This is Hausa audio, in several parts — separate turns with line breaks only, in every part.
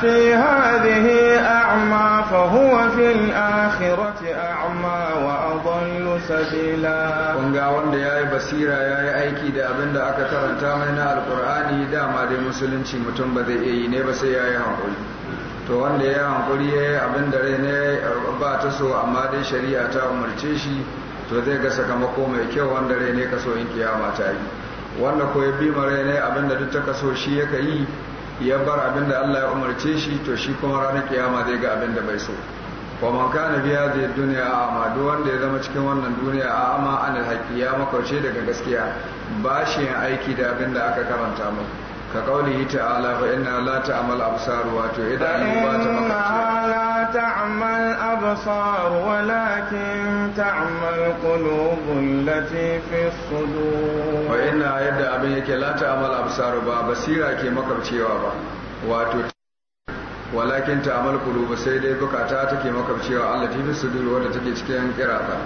في هذه أعمى فهو في الآخرة أعمى
وأضل سبيلا kun ga wanda ya yi basira ya yi aiki da abin da aka karanta mai na alkur'ani dama da musulunci mutum ba zai iya yi ne ba sai ya yi hankuli to wanda ya yi hankuli ya yi abin da rai ne ba ta so amma dai shari'a ta umarce shi to zai ga sakamako mai kyau wanda rai ne kaso in kiyama ta yi wanda ko ya bi ne abin da duk ta kaso shi yaka yi ya bar abin da Allah ya umarce shi to shi kuma ranar kiyama zai ga abin da bai so wa man kana biya zai duniya a amma duk wanda ya zama cikin wannan duniya a amma an alhaki ya makauce daga gaskiya ba shi yin aiki da abin da aka karanta mai ka kauli ta'ala fa inna la ta'mal absar wato idan ba ta
makance la ta'mal absar walakin ta'mal qulub allati fi sudur fa inna
yadda abin yake la ta'mal absar ba basira ke makabcewa ba wato walakin ta'mal qulub sai dai bukata take makabcewa allati fi sudur wanda take cikin kirata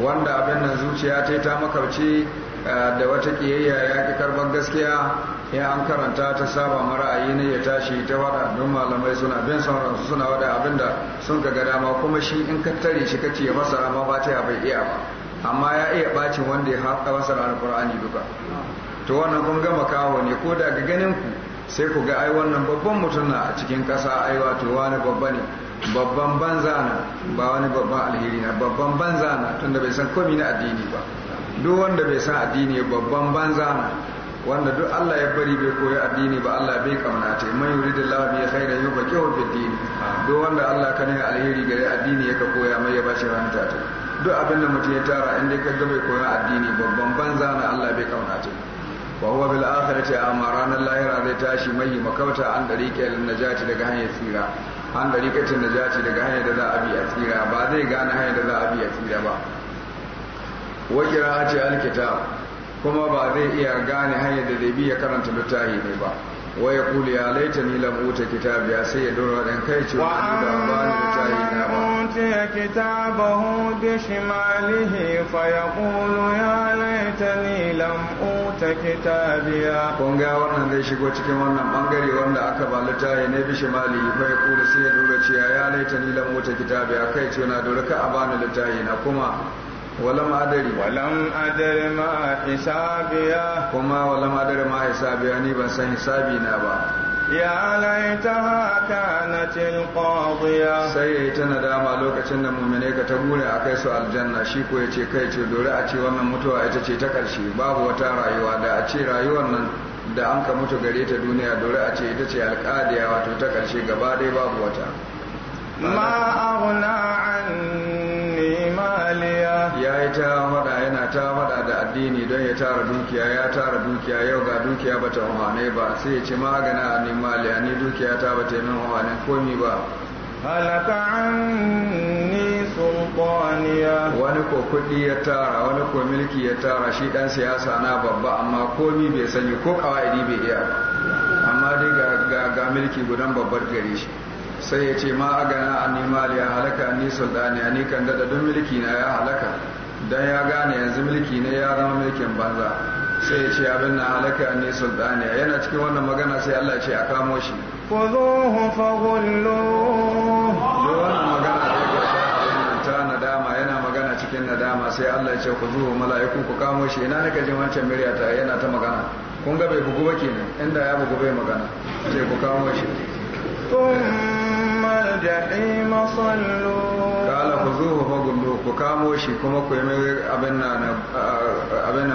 wanda abin nan zuciya ta ta makabce da wata kiyayya ya ki karban gaskiya ya an karanta ta saba mara'ayi ne ya tashi ta wada don malamai suna bin sauran suna wada abinda sun ga gada ma kuma shi in ka tare shi ka ya masara ma ba ta bai iya ba amma ya iya bacin wanda ya haɗa na alqur'ani duka to wannan kun gama kawo ne ko daga ganin ku sai ku ga ai wannan babban mutum na a cikin ƙasa ai wato wani babba ne babban banza na ba wani babban alheri na babban banza na tunda bai san komi na addini ba duk wanda bai san addini babban banza na wanda duk Allah ya bari bai koyi addini ba Allah bai kamna ta man Allah bi khairin yufaqihu fi din duk wanda Allah ka ne alheri gare addini ka koya mai ya bashi ranta ta duk abin da mutum ya tara inda ka ga bai koyi addini babban banza na Allah bai kamna ta wa huwa bil akhirati amma ranar lahira zai tashi mai makauta an ke najati daga hanyar tsira an ke najati daga hanyar da za a bi a tsira ba zai gane hanyar da za a bi a tsira ba a ce alkitab kuma ba zai iya gane hanyar da zai bi ya karanta littafi ne ba wa kuli ya laita ni lam uta kitabiya sai ya dora dan kai ce wa da ba ni littafi na ba utiya kitabahu bi
shimalihi
fa yaqulu ya ni lam uta kitabiya kun ga wannan zai shigo cikin wannan bangare wanda aka ba littafi ne bi shimalihi fa yaqulu sai ya dora ce ya laita ni lam uta kitabiya kai ce na dora ka a ni littafi na kuma ولم adari ولم adari ما حسابيا ولم ما حسابيا ni ban san hisabi na ba
ya laitaha
kanatil qadiya sai ita na dama lokacin da muminai ka ta gure a kai su aljanna shi ko yace kai ce dore a ce wannan mutuwa ita ce ta karshe babu wata rayuwa da a ce rayuwar nan da an ka mutu gare ta duniya dore a ce ita ce alqadiya wato ta karshe gaba dai babu wata ma aghna an jahiliya ya yi ta faɗa yana ta faɗa da addini don ya tara dukiya ya tara dukiya yau ga dukiya bata wane ba sai ya ci magana a a ni dukiya ta bata yi min umarnin komi ba halaka ni sultaniya wani ko kuɗi ya tara wani ko milki ya tara shi ɗan siyasa na babba amma komi bai sanyi ko kawai bai iya amma dai ga milki gudan babbar gare shi sai ya ce ma agana a nema ya halaka ni sultani a ni kan daɗa don mulki na ya halaka don ya gane yanzu mulki ne ya zama mulkin banza sai ya ce abin na halaka ni sultani yana cikin wannan magana sai Allah ce a kamo shi kuzuhu fa gullu da wannan magana da ya ga ta nadama yana magana cikin nadama sai Allah ce ku zuhu mala'iku ku kamo shi ina nake jin wancan murya ta yana ta magana kun ga bai bugu ba kenan inda ya bugu bai magana sai ku kamo shi
ثم
الجحيم صلوا قال خذوه فقلوا ku kamo shi kuma ku yi abin nan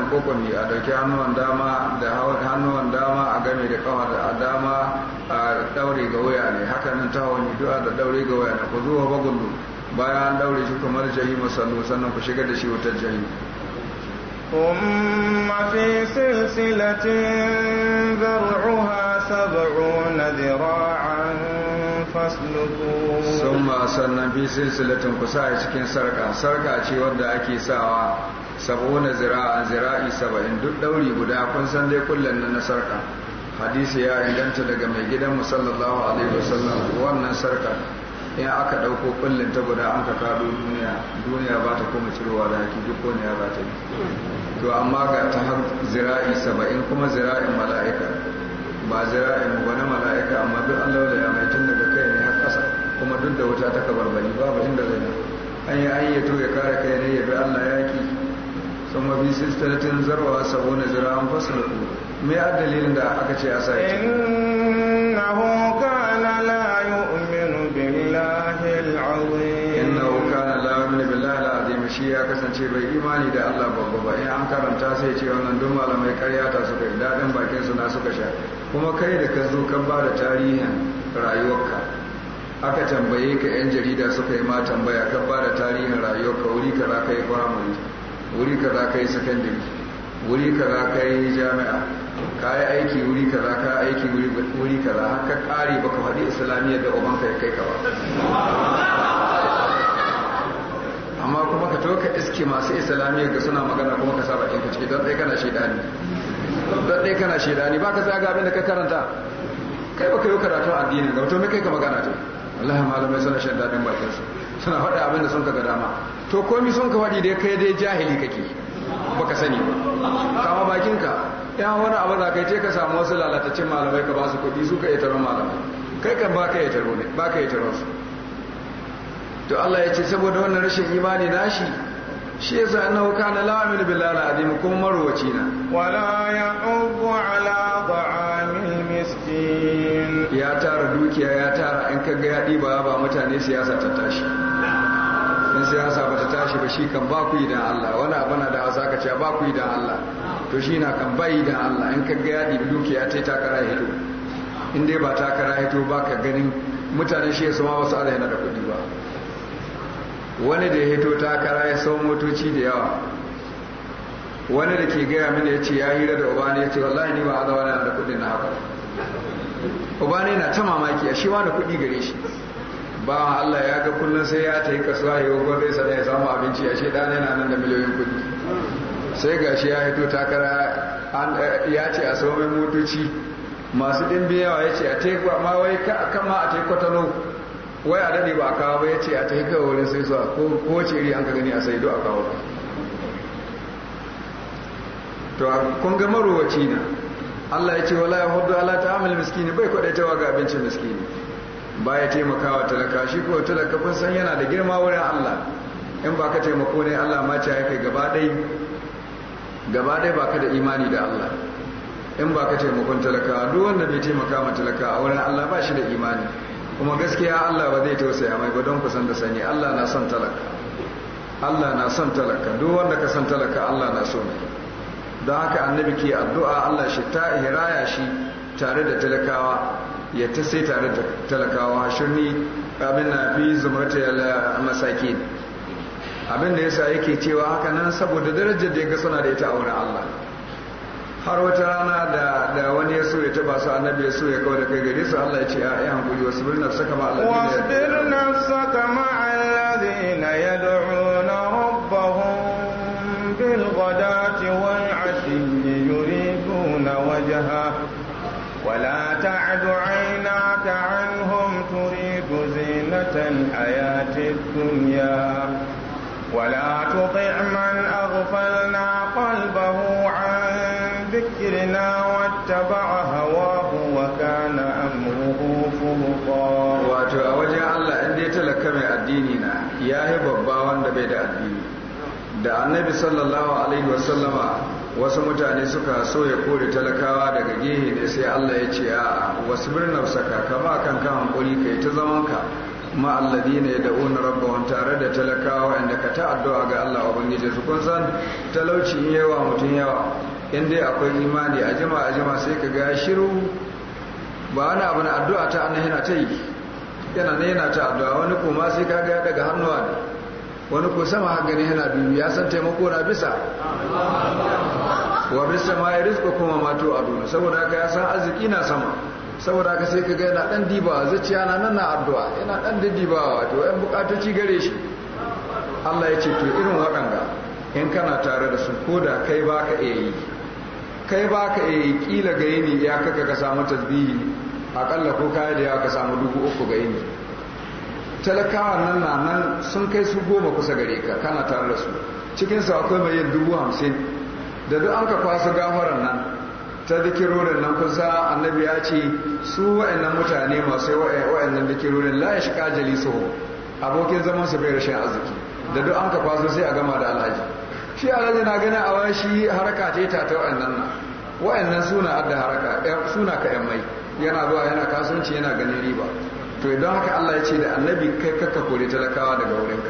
kokoni a dauki hannuwan dama da hannuwan dama a game da kawa da dama a daure ga waya ne ta du'a da ga bayan daure shi kamar jahi masallu sannan ku shiga da shi wutar jahi umma fi
silsilatin zar'uha sab'una ذراعا sun summa
sannan fi silsilatin kusa a cikin sarka sarka ce wadda ake sawa sab'una zira'an zira'i saba'in duk dauri guda kun san dai kullum na na sarka hadisi ya inganta daga mai gidan mu sallallahu alaihi wasallam wannan sarka in aka dauko kullum ta guda an ka kado duniya duniya ba ta koma cirowa da haki duk wani ya ba ta yi to amma ga ta har zira'i saba'in kuma zira'in mala'ika ba zira'in ba na mala'ika amma duk an da ya mai tun daga kuma duk da wuta ta kabarbali babu inda zai na an yi ayyato ya kare kai ne ya bi allah yaki sun mafi sistatin zarwa sabo na zira an fasa da kuma me ya dalilin da aka ce a sa ya ce
innahu kana la yu'minu
billahi al-azim innahu kana la yu'minu billahi al shi ya kasance bai imani da Allah babba ba in an karanta sai ce wannan duk malamai karya ta suka yi daɗin bakin su na suka sha kuma kai da ka zo ka ba da tarihin rayuwarka aka tambaye ka yan jarida suka yi ma tambaya ka fara tarihin rayuwar ka wuri ka za ka yi firamare wuri ka za ka yi sakandare wuri ka za ka yi jami'a ka yi aiki wuri ka za ka aiki wuri ka za haka kare baka faɗi islamiyya da ka ya kai ka ba amma kuma ka to ka iske masu islamiyya ga suna magana kuma ka saba ka ciki don ɗaya kana shaidani don ɗaya kana shaidani ba ka tsaya ga abin da ka karanta kai ba ka yi karatun addini ga mutum kai ka magana ta wallahi malamai suna shan daɗin bakin su suna faɗa abin da sun ka dama to komi sun ka faɗi dai kai dai jahili kake baka sani
ba kama
bakinka yan wani abu da kai ce ka samu wasu lalatacin malamai ka ba su kuɗi su ka yi taron malamai kai kan ba ka yi taro ne ba ka yi taron su to Allah ya ce saboda wannan rashin imani nashi shi ya sa annahu kana la billahi al kuma marwaci na wala ya'ubu ala ta'ami miskin ya tara dukiya ya tara in kaga ya ɗiba ba mutane siyasa ta tashi in siyasa ba ta tashi ba shi kan ba ku yi dan Allah wani abu na da hausa ka ba ku yi dan Allah to shi na kan bai dan Allah in kaga ya ɗi dukiya ta takara hito in dai ba takara hito ba ka ganin mutane shi ya sama wasu ala yana da kuɗi ba wani da ya hito takara ya sau motoci da yawa wani da ke gaya mini ya ce ya hira da uba ne ya ce wallahi ni ba a zaune da kuɗin na haka ubana yana ta mamaki a shi wani kuɗi gare shi ba Allah ya ga kullum sai ya ta yi kasuwa ya wakon rai sana ya samu abinci a shi yana nan da miliyoyin kuɗi sai ga shi ya hito takara eh, ya ce a sauran motoci masu ɗimbi yawa ya ce a taikwa ma wai kama a taikwatano wai a daɗe ba a kawo ba ya ce a ta taikwa wurin sai zuwa ko wace iri an ka gani a saido a kawo to kun ga marowaci na Allah ya ce wala ya hudu ala ta amil miskini bai kwadaitawa ga abincin miskini baya taimakawa talaka shi ko talaka kun san yana da girma wurin Allah in ba ka taimako ne Allah ma ce kai gaba dai gaba ba ka da imani da Allah in ba ka taimakon talaka duk wanda bai taimaka ma talaka a wurin Allah ba shi da imani kuma gaskiya Allah ba zai tausaya mai ba don kusan da sani Allah na son talaka Allah na son talaka duk wanda ka son talaka Allah na so mai don haka annabi ke addu'a Allah shi ta hiraya shi tare da talakawa ya ta sai tare da talakawa shirni abin na fi zumurta eh, masakin abin da yasa yake cewa haka nan saboda darajar da ya ga suna da ita a wurin Allah har wata rana da da wani ya so ya taba su annabi ya so ya kawo da kai gare su Allah ya ce a yi hankuli wasu birnin saka kama Allah
ولا تعد عيناك عنهم تريد زينة الحياة الدنيا ولا تطع من أغفلنا قلبه عن ذكرنا واتبع هواه وكان أمره فرطا wato a wajen Allah in
dai talaka mai addini na ya yi babba wanda bai da addini da annabi sallallahu alaihi wasallama wasu mutane suka so ya kore talakawa daga gehe ne sai Allah ya ce a wasu birnin saka ka ba kan ka hankuli kai ta zaman ka ma alladhi ne da una rabbahum tare da talakawa inda ka ta addu'a ga Allah bangiji su kun san talauci yawa mutum yawa in dai akwai imani a jima a jima sai ka ga shiru ba wani abu na addu'a ta annabi yana ta yi yana ne yana ta addu'a wani kuma sai ka ga daga hannuwa ne wani ko sama hagani yana biyu ya san taimako na bisa wa bis sama'i rizqukum wa ma tu'adun saboda haka ya san arziki na sama saboda haka sai kaga yana dan diba zuciya na nan na addu'a yana dan dibawa to ɗan bukatoci gare shi Allah ya ce to irin waɗanda in kana tare da su koda kai baka iya yi kai baka iya yi kila ga yini ya kaka ka samu tasbihi akalla ko kaya da ya ka samu dubu uku ga yini talakawa nan na nan sun kai su goma kusa gare ka kana tare da su cikinsu akwai mai yin dubu hamsin da duk an ka kwasu gafaran nan ta dikirorin nan kun sa annabi ya ce su wa'annan mutane masu wa'annan dikirorin la ya shiga jalisu abokin zaman su bai rashin arziki da duk an ka kwaso sai a gama da alhaji shi alhaji na gani a wani shi haraka ce ta ta wa'annan na wa'annan suna adda haraka suna ka yan mai yana zuwa yana kasuwanci yana ganin riba to idan haka Allah ya ce da annabi kai kakka kore talakawa daga wurinka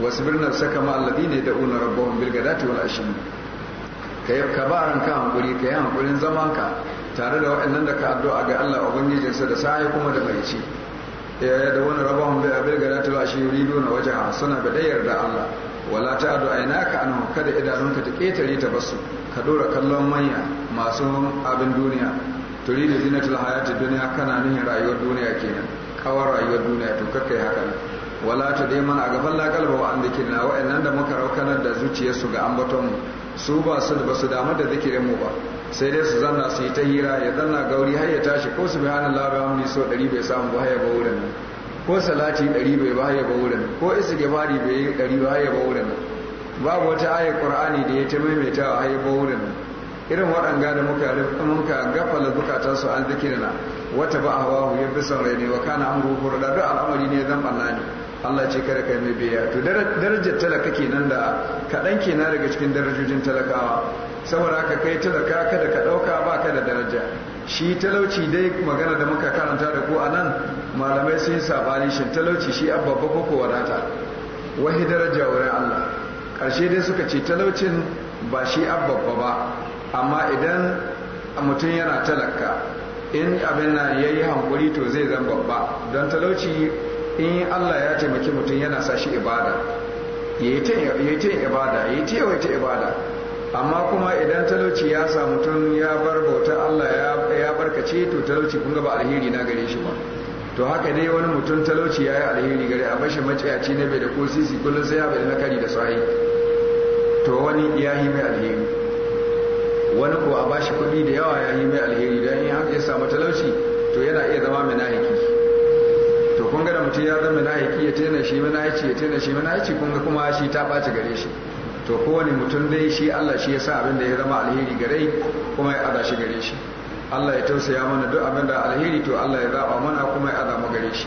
wasu birnin saka ma alladine da'una rabbahum bil gadati wal ashirin. ka ka ba ranka hankuri ka yi hankulin zamanka tare da waɗannan da ka addu'a ga Allah sa da sai kuma da mai ci ya da wani rabon bai abin ga da shi yurido na waje suna ga da Allah wala ta adu ainaka anhu kada idanunka ta ketare ta basu ka dora kallon manya masu abin duniya turi da zinatul hayati duniya kana nihin rayuwar duniya kenan kawar rayuwar duniya to kakkai haka wala ta dai mana a gaban lagalba wa an dake na wa'annan da muka raukanar da zuciyarsu ga ambaton mu su ba su ba su damu da zikirin mu ba sai dai su zanna su yi ta hira ya zanna gauri har ya tashi ko su bayanin labarin so ɗari bai samu ba haya ba wurin ko salati ɗari bai ba ya ba wurin ko isi gabari bai yi ɗari ba ya ba wurin babu wata ayar qur'ani da ya ta maimaita a haya ba wurin irin waɗanga da muka muka gafala zukatan su an zikirina wata ba a hawa ya bi son rai ne wa kana an ruhu da duk al'amari ne zan ɓanna ne Allah ce kada kai mai biya to darajar talaka kenan da kaɗan kenan daga cikin darajojin talakawa saboda haka kai talaka kada ka ɗauka ba ka da daraja shi talauci dai magana da muka karanta da ku a nan malamai sun sabani shi talauci shi abba babba ko wadata wahi daraja wurin Allah ƙarshe dai suka ce talaucin ba shi abba ba amma idan mutum yana talaka in abin nan ya yi hankuri to zai zan babba don talauci in Allah ya taimaki mutum yana sa shi ibada ya yi ibada ya yi ta yawaita ibada amma kuma idan talauci ya sa mutum ya bar bauta Allah ya barkace to talauci kun ba alheri na gare shi ba to haka dai wani mutum talauci ya yi alheri gare a bashi maciyaci ne bai da ko sisi kullum sai ya bai na kari da sahi to wani ya yi mai alheri wani ko a bashi kuɗi da yawa ya yi mai alheri don in haka ya samu talauci to yana iya zama mai nahiki kun ga da mutum ya zama na aiki ya tena shi mana aiki ya tena shi mana aiki kun ga kuma shi ta ɓaci gare shi to kowane mutum dai shi Allah shi ya sa abin da ya zama alheri gare kuma ya ada gare shi Allah ya tausaya mana duk abin da alheri to Allah ya zaba mana kuma ya ada mu gare shi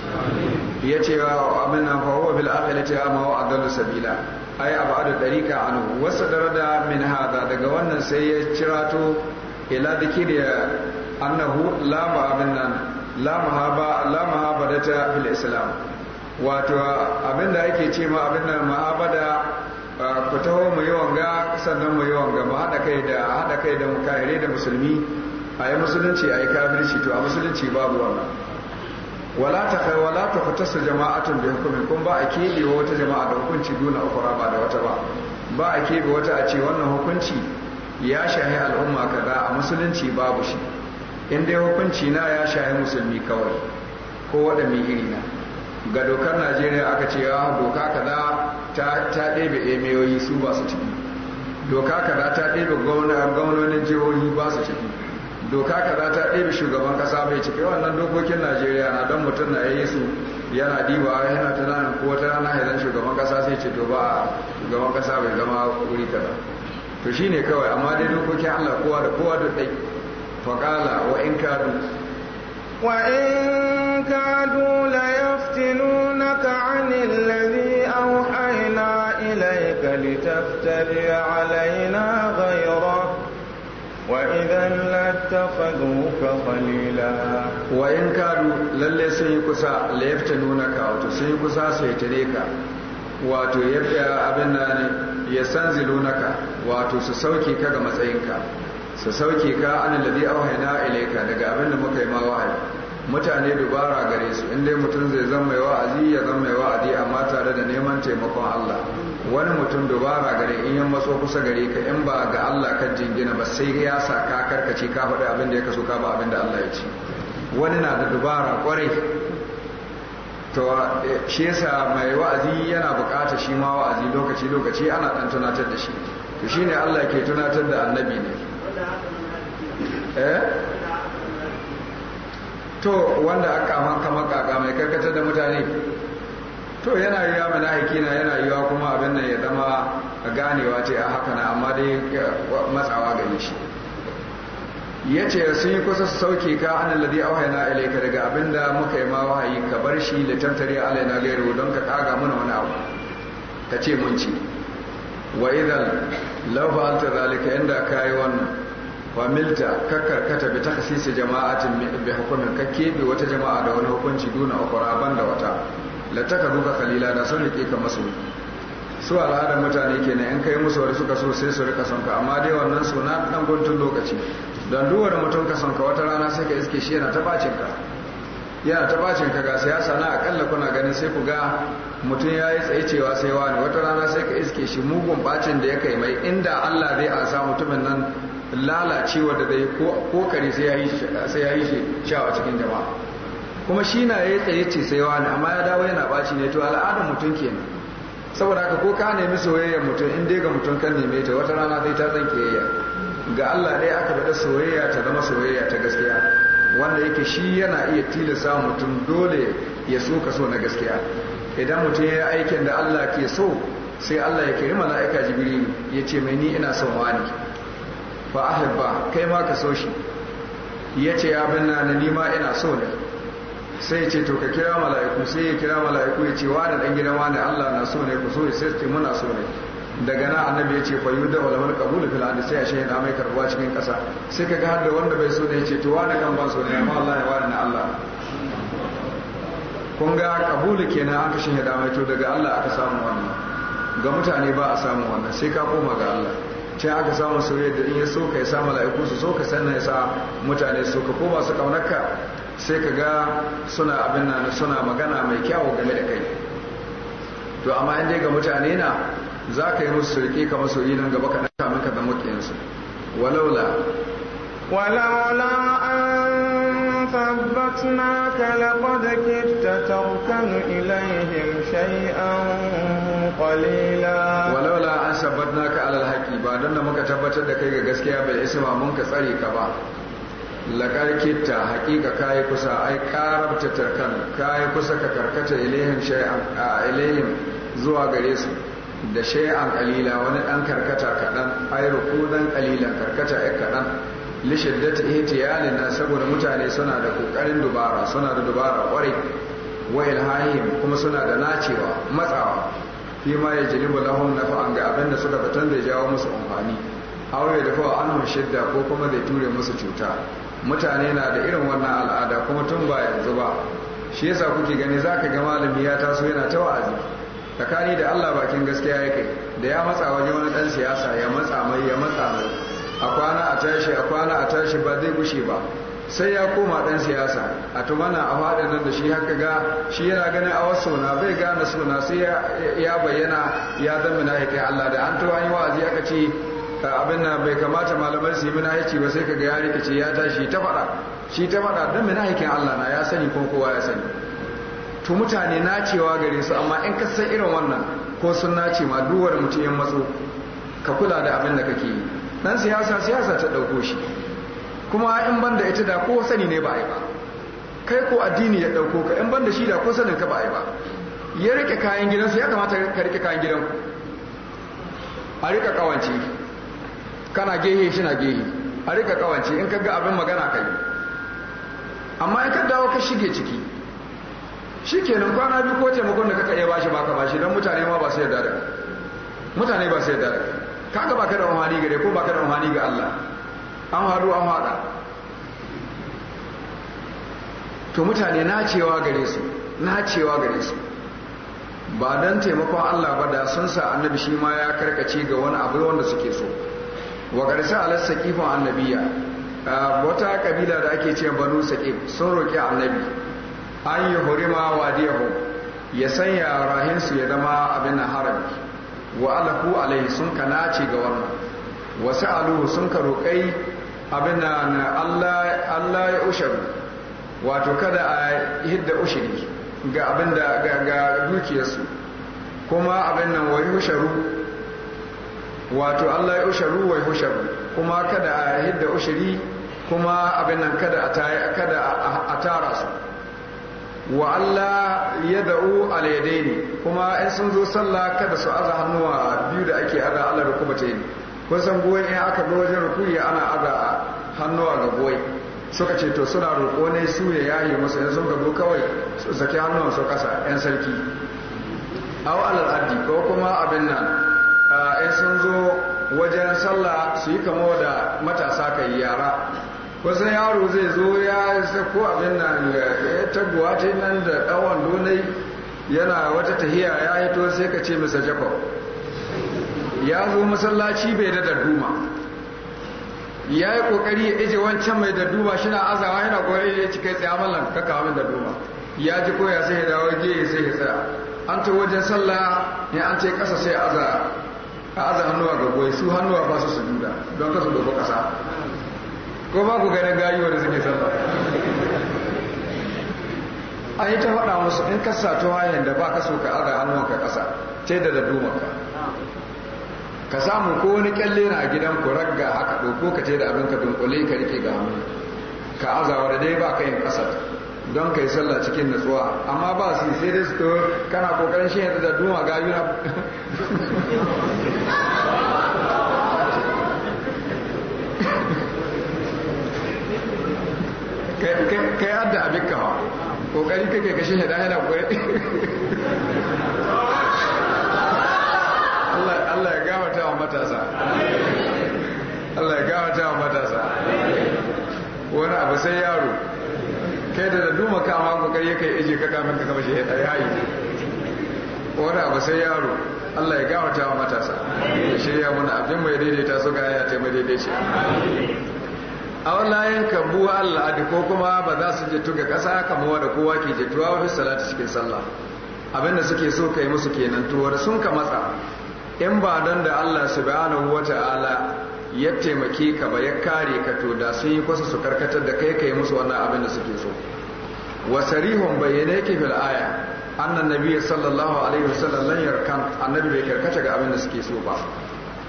ya ce wa abin nan fa huwa bil akhirati amma wa adallu sabila ai abadu dariqa anhu wasu darada min hada daga wannan sai ya cirato ila dikiriya annahu la ba nan la mahaba ta fil islam wato abinda ake ce ma abinda mahabada ku taho mu yi wanga sannan mu yi wanga mu haɗa kai da haɗa kai da mukahire da musulmi a yi musulunci a yi kafirci to a musulunci babu wannan wala ta kai wala ta jama'a jama'atun da hukumin kun ba a keɓe wata jama'a da hukunci duna ukura ba da wata ba ba a keɓe wata a ce wannan hukunci ya shahi al'umma kaza a musulunci babu shi in dai hukunci na ya shahi musulmi kawai ko wada mai iri na ga dokar najeriya aka ce ya ah, doka kaza ta ɗebe emeyoyi su ba su ciki doka kaza ta ɗebe gwamnonin jihohi ba su ciki doka kaza ta ɗebe shugaban ƙasa bai ciki wannan dokokin najeriya na don mutum na yayi su yana diba yana tunanin ko wata rana idan shugaban ƙasa sai ce to ba shugaban ƙasa bai zama wuri ba to shine kawai amma dai dokokin allah kowa da kowa da ɗai faƙala wa in kadu
wa in kadu la yaftinunaka anil ladhi awhayna
ilayka
litaftari alaina ghayra wa idan
lattakhaduka khalila wa in kadu lalle sun yi kusa la yaftinunaka wato sun yi kusa su tare ka wato yadda abin nan ya sanzilunaka wato su sauke ka ga matsayinka su sauke ka an alladhi na ilaika daga abin da muka yi ma wahayi mutane dubara gare su in mutum zai zama mai wa'azi ya zama mai wa'azi amma tare da neman taimakon Allah wani mutum dubara gare in yan maso kusa gare ka in ba ga Allah ka jingina ba sai ya sa ka karkace ka faɗi abin da ya kaso ka ba abin da Allah ya ci wani na da dubara kwarai to shi yasa mai wa'azi yana bukata shi ma wa'azi lokaci lokaci ana dan tunatar da shi to shine Allah ke tunatar da annabi ne Eh? to wanda aka maka makaka mai karkatar da mutane to yana yiwa mala'iki na yana wa kuma abin nan ya zama a ganewa ce a haka na amma dai matsawa gani shi ya ce sun yi kusa su sauke ka anan ladi auhaina ilaika daga abin da muka yi ma wahayi ka bar shi da tantare alaina gairu don ka kaga mana wani abu ka ce mun ci wa idan lafa alta zalika inda ka yi wannan familta kakkarkata bi takhsisi jama'atin bi hukumin ka kebe wata jama'a da wani hukunci duna ukura da wata la duka khalila da sun rike ka masu su al'adar mutane kenan in kai musu wani suka so sai su rika son amma dai wannan suna dan guntun lokaci don duwar mutum ka son wata rana sai ka iske shi yana ta bacin ka yana ta bacin ga siyasa na akalla kuna ganin sai ku ga mutum ya yi tsaye cewa sai wani wata rana sai ka iske shi mugun bacin da ya kai mai inda Allah zai a sa mutumin nan lalacewa da zai ko kare sai ya yi shi a cikin jama'a kuma shi na ya tsaye ce sai wani amma ya dawo yana baci ne to al'adar mutum ke nan. saboda haka ko ka nemi soyayyar mutum in dai ga mutum kan neme ta wata rana sai ta zan kiyayya ga Allah dai aka faɗa soyayya ta zama soyayya ta gaskiya wanda yake shi yana iya tilasta mutum dole ya so ka so na gaskiya idan mutum ya aikin da Allah ke so sai Allah ya kiri mala'ika jibril ya ce mai ni ina son wani fa ahibba kai ma ka so shi ya ce ya binna na nima ina so ne sai yace ce to ka kira mala'iku sai ya kira mala'iku ya ce wa da dan gidan wani Allah na so ne ku so ya sai muna so ne daga na annabi ya ce fa yuda wal mal qabul fil hadis sai ya shehin da mai karbuwa cikin kasa sai ka ga har da wanda bai so ne ya ce to da kan ban so ne amma Allah ya wani na Allah kun ga kabulu kenan aka shi da mai to daga Allah aka samu wannan ga mutane ba a samu wannan sai ka koma ga Allah can aka samu soyayya da in ya so ka ya sa mala'iku su so ka sannan ya sa mutane so ka ko masu kaunarka sai ka ga suna abin nan suna magana mai kyawu game da kai to amma in dai ga mutane na za ka yi musu rike kamar masoyi nan gaba kaɗan kamin ka zama kiyansu walaula
walaula an ka laqad kitta tarkanu ilaihim shay'an qalila
walaula an ka alal haƙi ba don da muka tabbatar da kai ga gaskiya bai isma mun ka tsare ka ba laƙarƙita haƙiƙa kayi kusa ai ƙarabta tarkan kayi kusa ka karkata ilayhim zuwa gare su da shay'an kalila wani ɗan karkata kaɗan ai rukudan kalilan karkata ai kaɗan li shiddati ihtiyalin na saboda mutane suna da ƙoƙarin dubara suna da dubara ƙwarai wa ilhahim kuma suna da nacewa matsawa fi ma ya jini na fa'an ga abin da suka fitan zai jawo musu amfani aure da fa an shidda ko kuma zai ture musu cuta mutane na da irin wannan al'ada kuma tun ba yanzu ba shi yasa kuke gani za ka ga malami ya taso yana ta wa'azi tsakani da Allah bakin gaskiya ya kai da ya matsa waje wani dan siyasa ya matsa mai ya matsa mai a kwana a tashi a kwana a tashi ba zai gushe ba sai ya koma dan siyasa a tumana a faɗin nan da shi haka ga shi yana ganin a wasu na bai gane suna sai ya bayyana ya zama na haikai Allah da an tuwa yi wa'azi aka ce abin nan bai kamata malamai su yi mina haici ba sai kaga ya rikice ya tashi ta faɗa shi ta faɗa don mina haikin Allah na ya sani ko kowa ya sani to mutane na cewa gare su amma in ka san irin wannan ko sun nace ma duwar mutum yan matso ka kula da abin da kake yi dan siyasa siyasa ta ɗauko shi kuma in ban da ita da ko sani ne ba yi ba kai ko addini ya ɗauko ka in ban da shi da ko sanin ka ba yi ba ya rike kayan gidansu ya kamata ka rike kayan gidanku a rika kawance kana gehe shi na gehe a rika kawance in ka ga abin magana ka yi amma in ka dawo ka shige ciki shi kenan kwana biyu ko taimakon da kaka iya bashi ba ka bashi don mutane ma ba su yarda da mutane ba su yarda da kaga ba ka da wahani gare ko ba ka da wahani ga Allah an hadu an haɗa to mutane na cewa gare su na cewa gare su ba don taimakon Allah ba da sun sa annabi shi ma ya karkace ga wani abu wanda suke so wa garsa alas saqifan annabiya ah, wata kabila da ake ce banu saqif sun roki annabi an yi hurima wa diyahu ya sanya rahinsu ya zama abin harami wa alahu alaihi sun kanace ga wannan wasu aluhu sun ka roƙai abin na Allah ya usharu wato kada a hidda ushiri ga abin da ga dukiyarsu kuma abin nan wai usharu wato Allah ya usharu wai usharu kuma kada a hidda ushiri kuma abin nan kada a tara su wa Allah ya da'u ne kuma in sun zo sallah kada su aza hannuwa biyu da ake aza Allah da kuma ta yi kusan san goyi in aka ga wajen rukuyi ana aga hannuwa ga goyi suka ce to suna roƙo ne su ya yayi musu in sun gabo kawai su saki hannuwan su kasa yan sarki awa al'addi ko kuma abin nan yan sun zo wajen sallah su yi kamo da matasa ka yi yara kusan yaro zai zo ya sako abin nan ya taguwa ta nan da ɗawan wando yana wata tahiya ya hito sai ka ce masa jakob ya zo masallaci bai da darduma ya yi kokari ya ije wancan mai darduma shi na azawa yana kokari ya ci kai tsaye mallan ka kawo min darduma ya ji koya sai ya dawo ya sai ya tsaya an ta wajen sallah ne an ce kasa sai aza a aza hannuwa ga goyi su hannuwa ba su su duda don kasu gobe kasa ko ba ku ganin gayi wanda suke sallah an yi ta faɗa musu in kasa ta hanyar da ba ka so ka aza hannuwa ka kasa ce da darduma ka ka samu ko wani kyalle na gidan ku ragga haka ɗauko ka ce da abin ka dunkule ka rike ga mu ka azawar dai ba ka yin kasar don ka yi sallah cikin nutsuwa amma ba su sai dai su to kana kokarin shi yadda da duma ga yuna ka yi adda abin kawa kokari kake ka shi yadda yana kwaye matasa Allah ya gawata wa matasa wani abu sai yaro kai da da duma kama kokari ya kai ije ka kamin ka kama shi ya yayi wani abu sai yaro Allah ya gawata wa matasa ya shirya mana abin mai daidaita su ga ya taimai ce. a wallayen buwa Allah ko kuma ba za su je ga kasa kamuwa da kowa ke jittuwa wa fi salatu cikin sallah abinda suke so kai musu kenan tuwar sun ka matsa in ba don da Allah subhanahu ta'ala ya taimake ka ba ya kare ka to da sun yi kwasa su karkatar da kai kai musu wannan abin da suke so wa sarihun bayyana yake fil aya annan nabiyyi sallallahu alaihi wasallam lan yarkan annabi bai karkata ga abin da suke so ba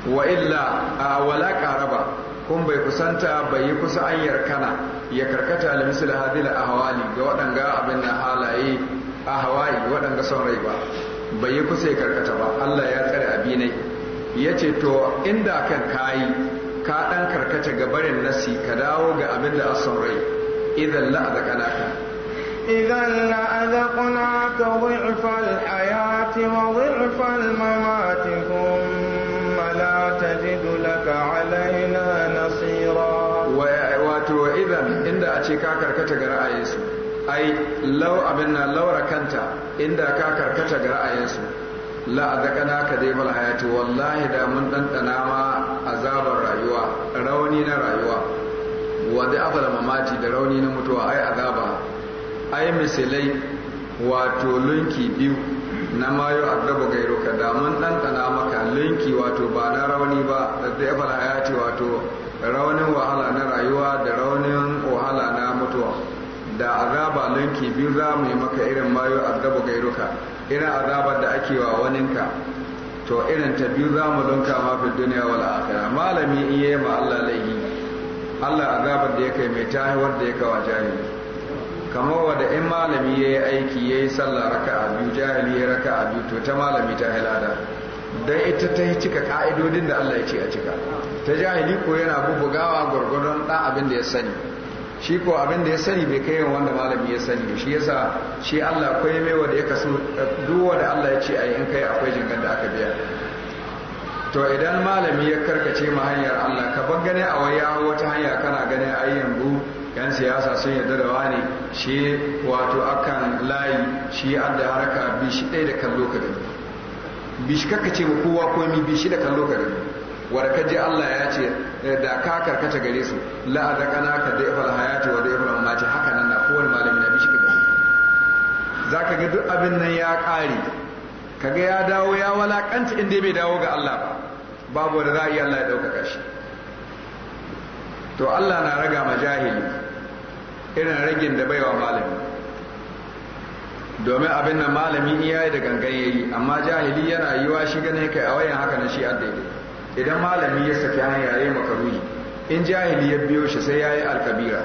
wa illa a wala qaraba kun bai kusanta bai yi kusa an yarkana ya karkata al misl hadil ahwali ga waɗanga abin da halaye ahwai waɗanga son rai ba bai yi kusa ya karkata ba Allah ya tsare abinai ya ce to inda kan kayi ka ɗan karkata ga barin nasi ka dawo ga abin da asan rai idan la'adakanaka
idan ka wi'fal hayati wa wi'fal mamati kuma
la tajidu laka alaina nasira wato idan inda a ce ka karkata ga ra'ayinsu ai lau abin na laura kanta inda ka karkata ga ra'ayinsu la azaqana ka dai bal hayati wallahi da mun dandana ma azabar rayuwa rauni na rayuwa wa da afala mamati da rauni na mutuwa ai azaba ai misalai wato lunki biyu na mayo azaba gairuka da mun dandana maka lunki wato ba na rauni ba da bal hayati wato raunin wahala na rayuwa da raunin da azaba lanki biyu za mu yi maka irin mayo azabu gairuka irin azabar da ake wa waninka to irin ta biyu za mu dunka ma fi duniya wal akhirah malami in yi ma Allah laihi Allah azabar da ya kai mai tahi wanda ya kawa jahili kamar wanda in malami yayi aiki yayi sallah raka'a biyu jahili ya raka'a biyu to ta malami ta hilada dan ita ta yi cika ka'idodin da Allah ya ce a cika ta jahili ko yana bubugawa gwargwadon dan abin da ya sani shi ko abin da ya sani bai kai wanda malami ya sani shi yasa shi Allah akwai mai wanda ya kasu duwa da Allah ya ce ai in kai akwai jingan da aka biya to idan malami ya karkace ma hanyar Allah ka bar gane a waya wata hanya kana gane ai yanzu yan siyasa sun yarda da wani shi wato akan layi shi adda haraka bi shi ɗaya da kallo ka gani bi shi kakkace ma kowa komi bi shi da kallo ka warka ji Allah ya ce eh, da ka karkace gare su la da kana ka da ifal hayati wa da ifal mamati haka nan na kowane malami na bishi kaga zaka ga duk abin nan ya kare kaga ya dawo ya walakanta inda bai dawo ga Allah ba babu wanda za a yi Allah ya ɗaukaka shi to Allah na raga ma jahili irin ragin da baiwa malami domin abin nan malami iya da gangan yayi amma jahili yana yiwa shi ganin kai a wayan haka na shi addai idan malami ya saki hanyar ya yi makaruni in jahili ya biyo shi sai ya yi alkabira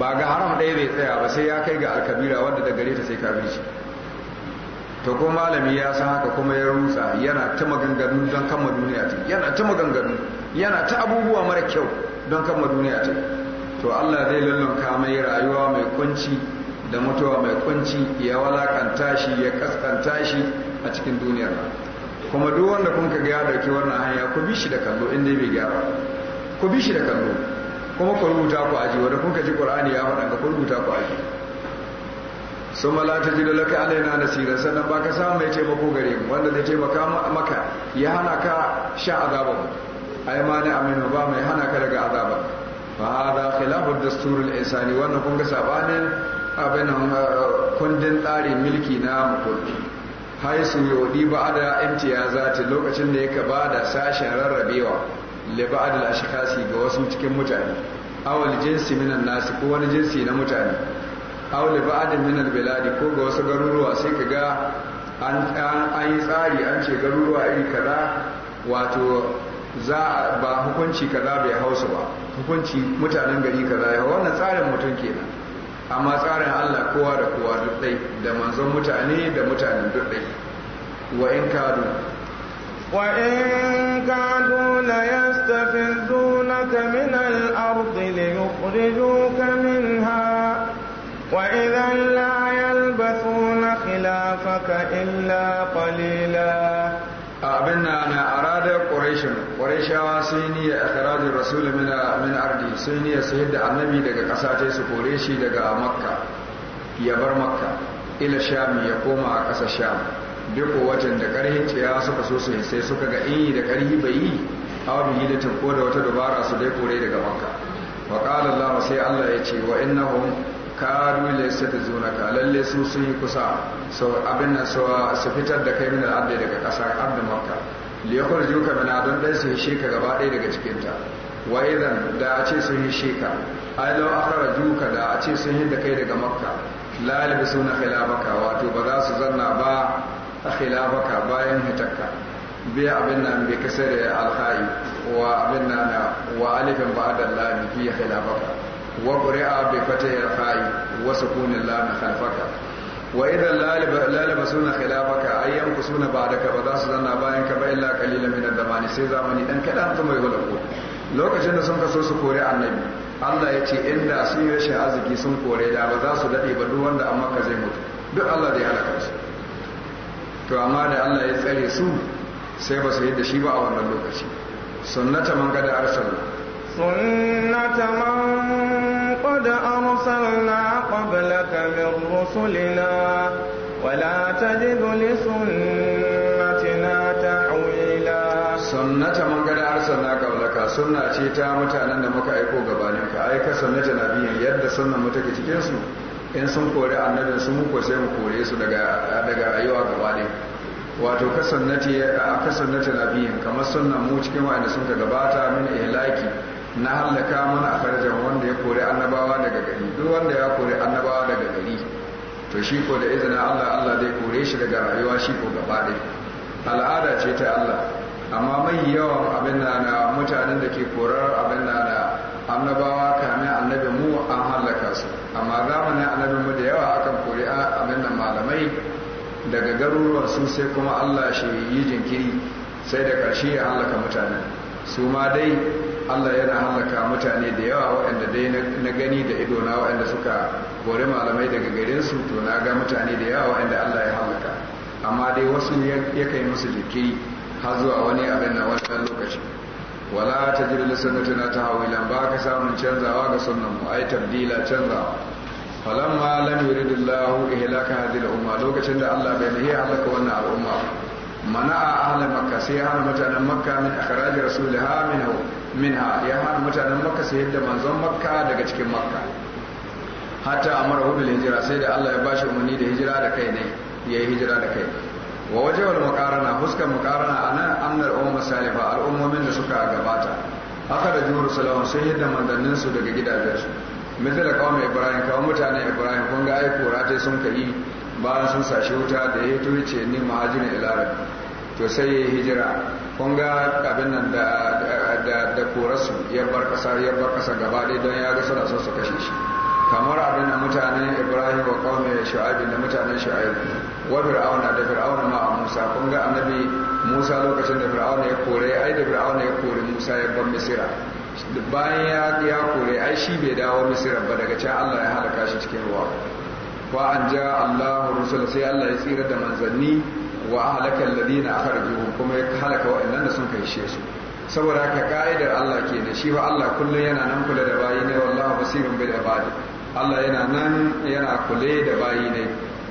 ba ga haram ɗaya bai tsaya ba sai ya kai ga alkabira wanda da gare ta sai ka shi to ko malami ya san haka kuma ya rusa yana ta maganganu don kama duniya ta yana ta maganganu yana ta abubuwa mara kyau don kama duniya ta to Allah zai lullunka mai rayuwa mai kunci da mutuwa mai kunci ya walakanta shi ya kaskanta shi a cikin duniyar kuma duk wanda kun ka gaya dauki wannan hanya ku bi shi da kallo in dai bai gyara ku bi shi da kallo kuma ku rubuta ku aji wanda kun ka ji qur'ani ya faɗa ku rubuta ku aji suma la tajidu laka alaina nasira sannan ba ka samu mai taimako gare mu wanda zai taimaka maka ya hana ka sha azaba ai ma ne aminu ba mai hana ka daga azaba fa hada khilafu dastur al-insani wannan kun ga sabanin abin uh, kundin tsari mulki na mutum haisu yodi ba'ada ta lokacin da yake da sashen rarrabewa li da lashe ashkhasi ga wasu cikin mutane awal jinsi minan nasu ko wani jinsi na mutane awal ba'd da minan biladi ko ga wasu garuruwa sai ka ga an yi tsari an ce garuruwa iri kaza wato za ba hukunci kaza bai hausu ba hukunci mutanen gari kaza ya wannan tsarin mutum kenan amma tsarin Allah kowa da kowa duk dai da manzon mutane da mutane duk dai wa in kadu wa in
kadu la yastafizunaka min al-ard li yukhrijuka minha wa idhan la yalbathuna khilafaka illa
qalila abin na na arada ƙorashin ƙorashawa sun yi niyya a rasul rasulun min ardi sun niyya su da annabi daga ƙasa ta su kore shi daga makka ya bar makka ila shami ya koma a ƙasa sham duk wajen da ƙarhin ciya suka so su sai suka ga in yi da ƙarhi bai yi awa yi da tinko da wata dubara su dai kore daga makka wa ƙalallahu sai allah ya ce wa innahum kadu da zuna ka lalle su sun yi kusa sau abin nan su fitar da kai min al'adda daga ƙasa abin makka liyakar juka mina don ɗan su shi ka gaba ɗaya daga cikinta wa idan da a ce sun shi ka ai lau juka da a ce sun yi da kai daga makka la yalbisuna khilafaka wato ba za su zanna ba khilafaka bayan hitakka biya abin nan bai kasa da alha'i wa abin nan wa alifin ba da lami fi khilafaka wa qur'a bi fatah alha'i wasu kunin lana halfaka wa idan lalaba suna khilafaka ayyan ku suna ba da ka ba za su zanna bayan ka ba illa kalilan da zamani sai zamani dan kaɗan ta mai hulaku lokacin da sun kaso su kore annabi Allah ya ce inda sun yi rashin arziki sun kore da ba za su dade ba duk wanda amma ka zai mutu duk Allah da ya halaka su to amma da Allah ya tsare su sai ba su yi da shi ba a wannan lokaci sunnata man arsalu
man قد أرسلنا قبلك من رسلنا
ولا تجد لسنتنا تحويلا سنة من قد أرسلنا قبلك سنة تيتا متعنى نمك أيكو قبالك أيكا سنة نبي يد سنة متكتكين in sun kori annabin sun muku sai mu kore su daga rayuwa gaba ne wato kasannati a kasannati nabiyin kamar sunnan mu cikin wa'anda sun ka gabata min ihlaki na hallaka mana akarjan wanda ya kori annabawa daga gari duk wanda ya kori annabawa daga gari to shi ko da izinin Allah Allah zai kore shi daga rayuwa shi ko gaba ɗaya al'ada ce ta Allah amma mai yawan abin na na mutanen da ke korar abin na na annabawa kamin annabi mu an hallaka su amma zamanin annabin mu da yawa akan kore abin nan malamai daga garuruwan su sai kuma Allah shi yi jinkiri sai da ƙarshe ya hallaka mutanen su ma dai Allah yana halaka mutane da yawa waɗanda dai na gani da ido na waɗanda suka gori malamai daga garin su to na ga mutane da yawa waɗanda Allah ya halaka amma dai wasu ya kai musu jikiri har zuwa wani abin na wannan lokaci wala ta jiri lissanatu na ta ilan ba ka samun canzawa ga sunan mu ai tabdila canzawa falamma lam yuridillahu ihlaka hadhihi al-umma lokacin da Allah bai iya halaka wannan al'umma mana a ahal makka sai ya hana mutanen makka min akhraj rasuliha minhu minha ya hana mutanen makka sai yadda manzon makka daga cikin makka hatta amara hu bil hijira sai da Allah ya bashi umarni da hijira da kai ne yayi hijira da kai wa wajhul muqarana huskan muqarana anan annal umma salifa al al'ummomin da suka gabata haka da jumhur salawun sai yadda mandannin su daga gidajensu misali kawai ibrahim kawai mutanen ibrahim kun ga ai sun kai bayan sun sashi wuta da ya to ni muhajirin ila rabbi to sai ya hijira kun ga abin nan da korarsu ya bar kasa ya bar kasa gaba ɗaya don ya ga suna so su kashe shi kamar abin da mutanen ibrahim wa kawai sha'abi da mutanen shu'aib wa fir'auna da fir'auna ma a musa kun ga annabi musa lokacin da fir'auna ya kore ai da fir'auna ya kore musa ya bar misira bayan ya kore ai shi bai dawo misira ba daga can allah ya halaka shi cikin ruwa fa an ja allahu rusul sai allah ya tsira da manzanni wa ahlaka alladhina akhrajuhum kuma ya halaka wa'annan da sun kai shi su saboda haka ka'idar Allah kenan shi fa Allah kullun yana nan kula da bayi ne wallahi basirun bil ibad Allah yana nan yana kula da bayi ne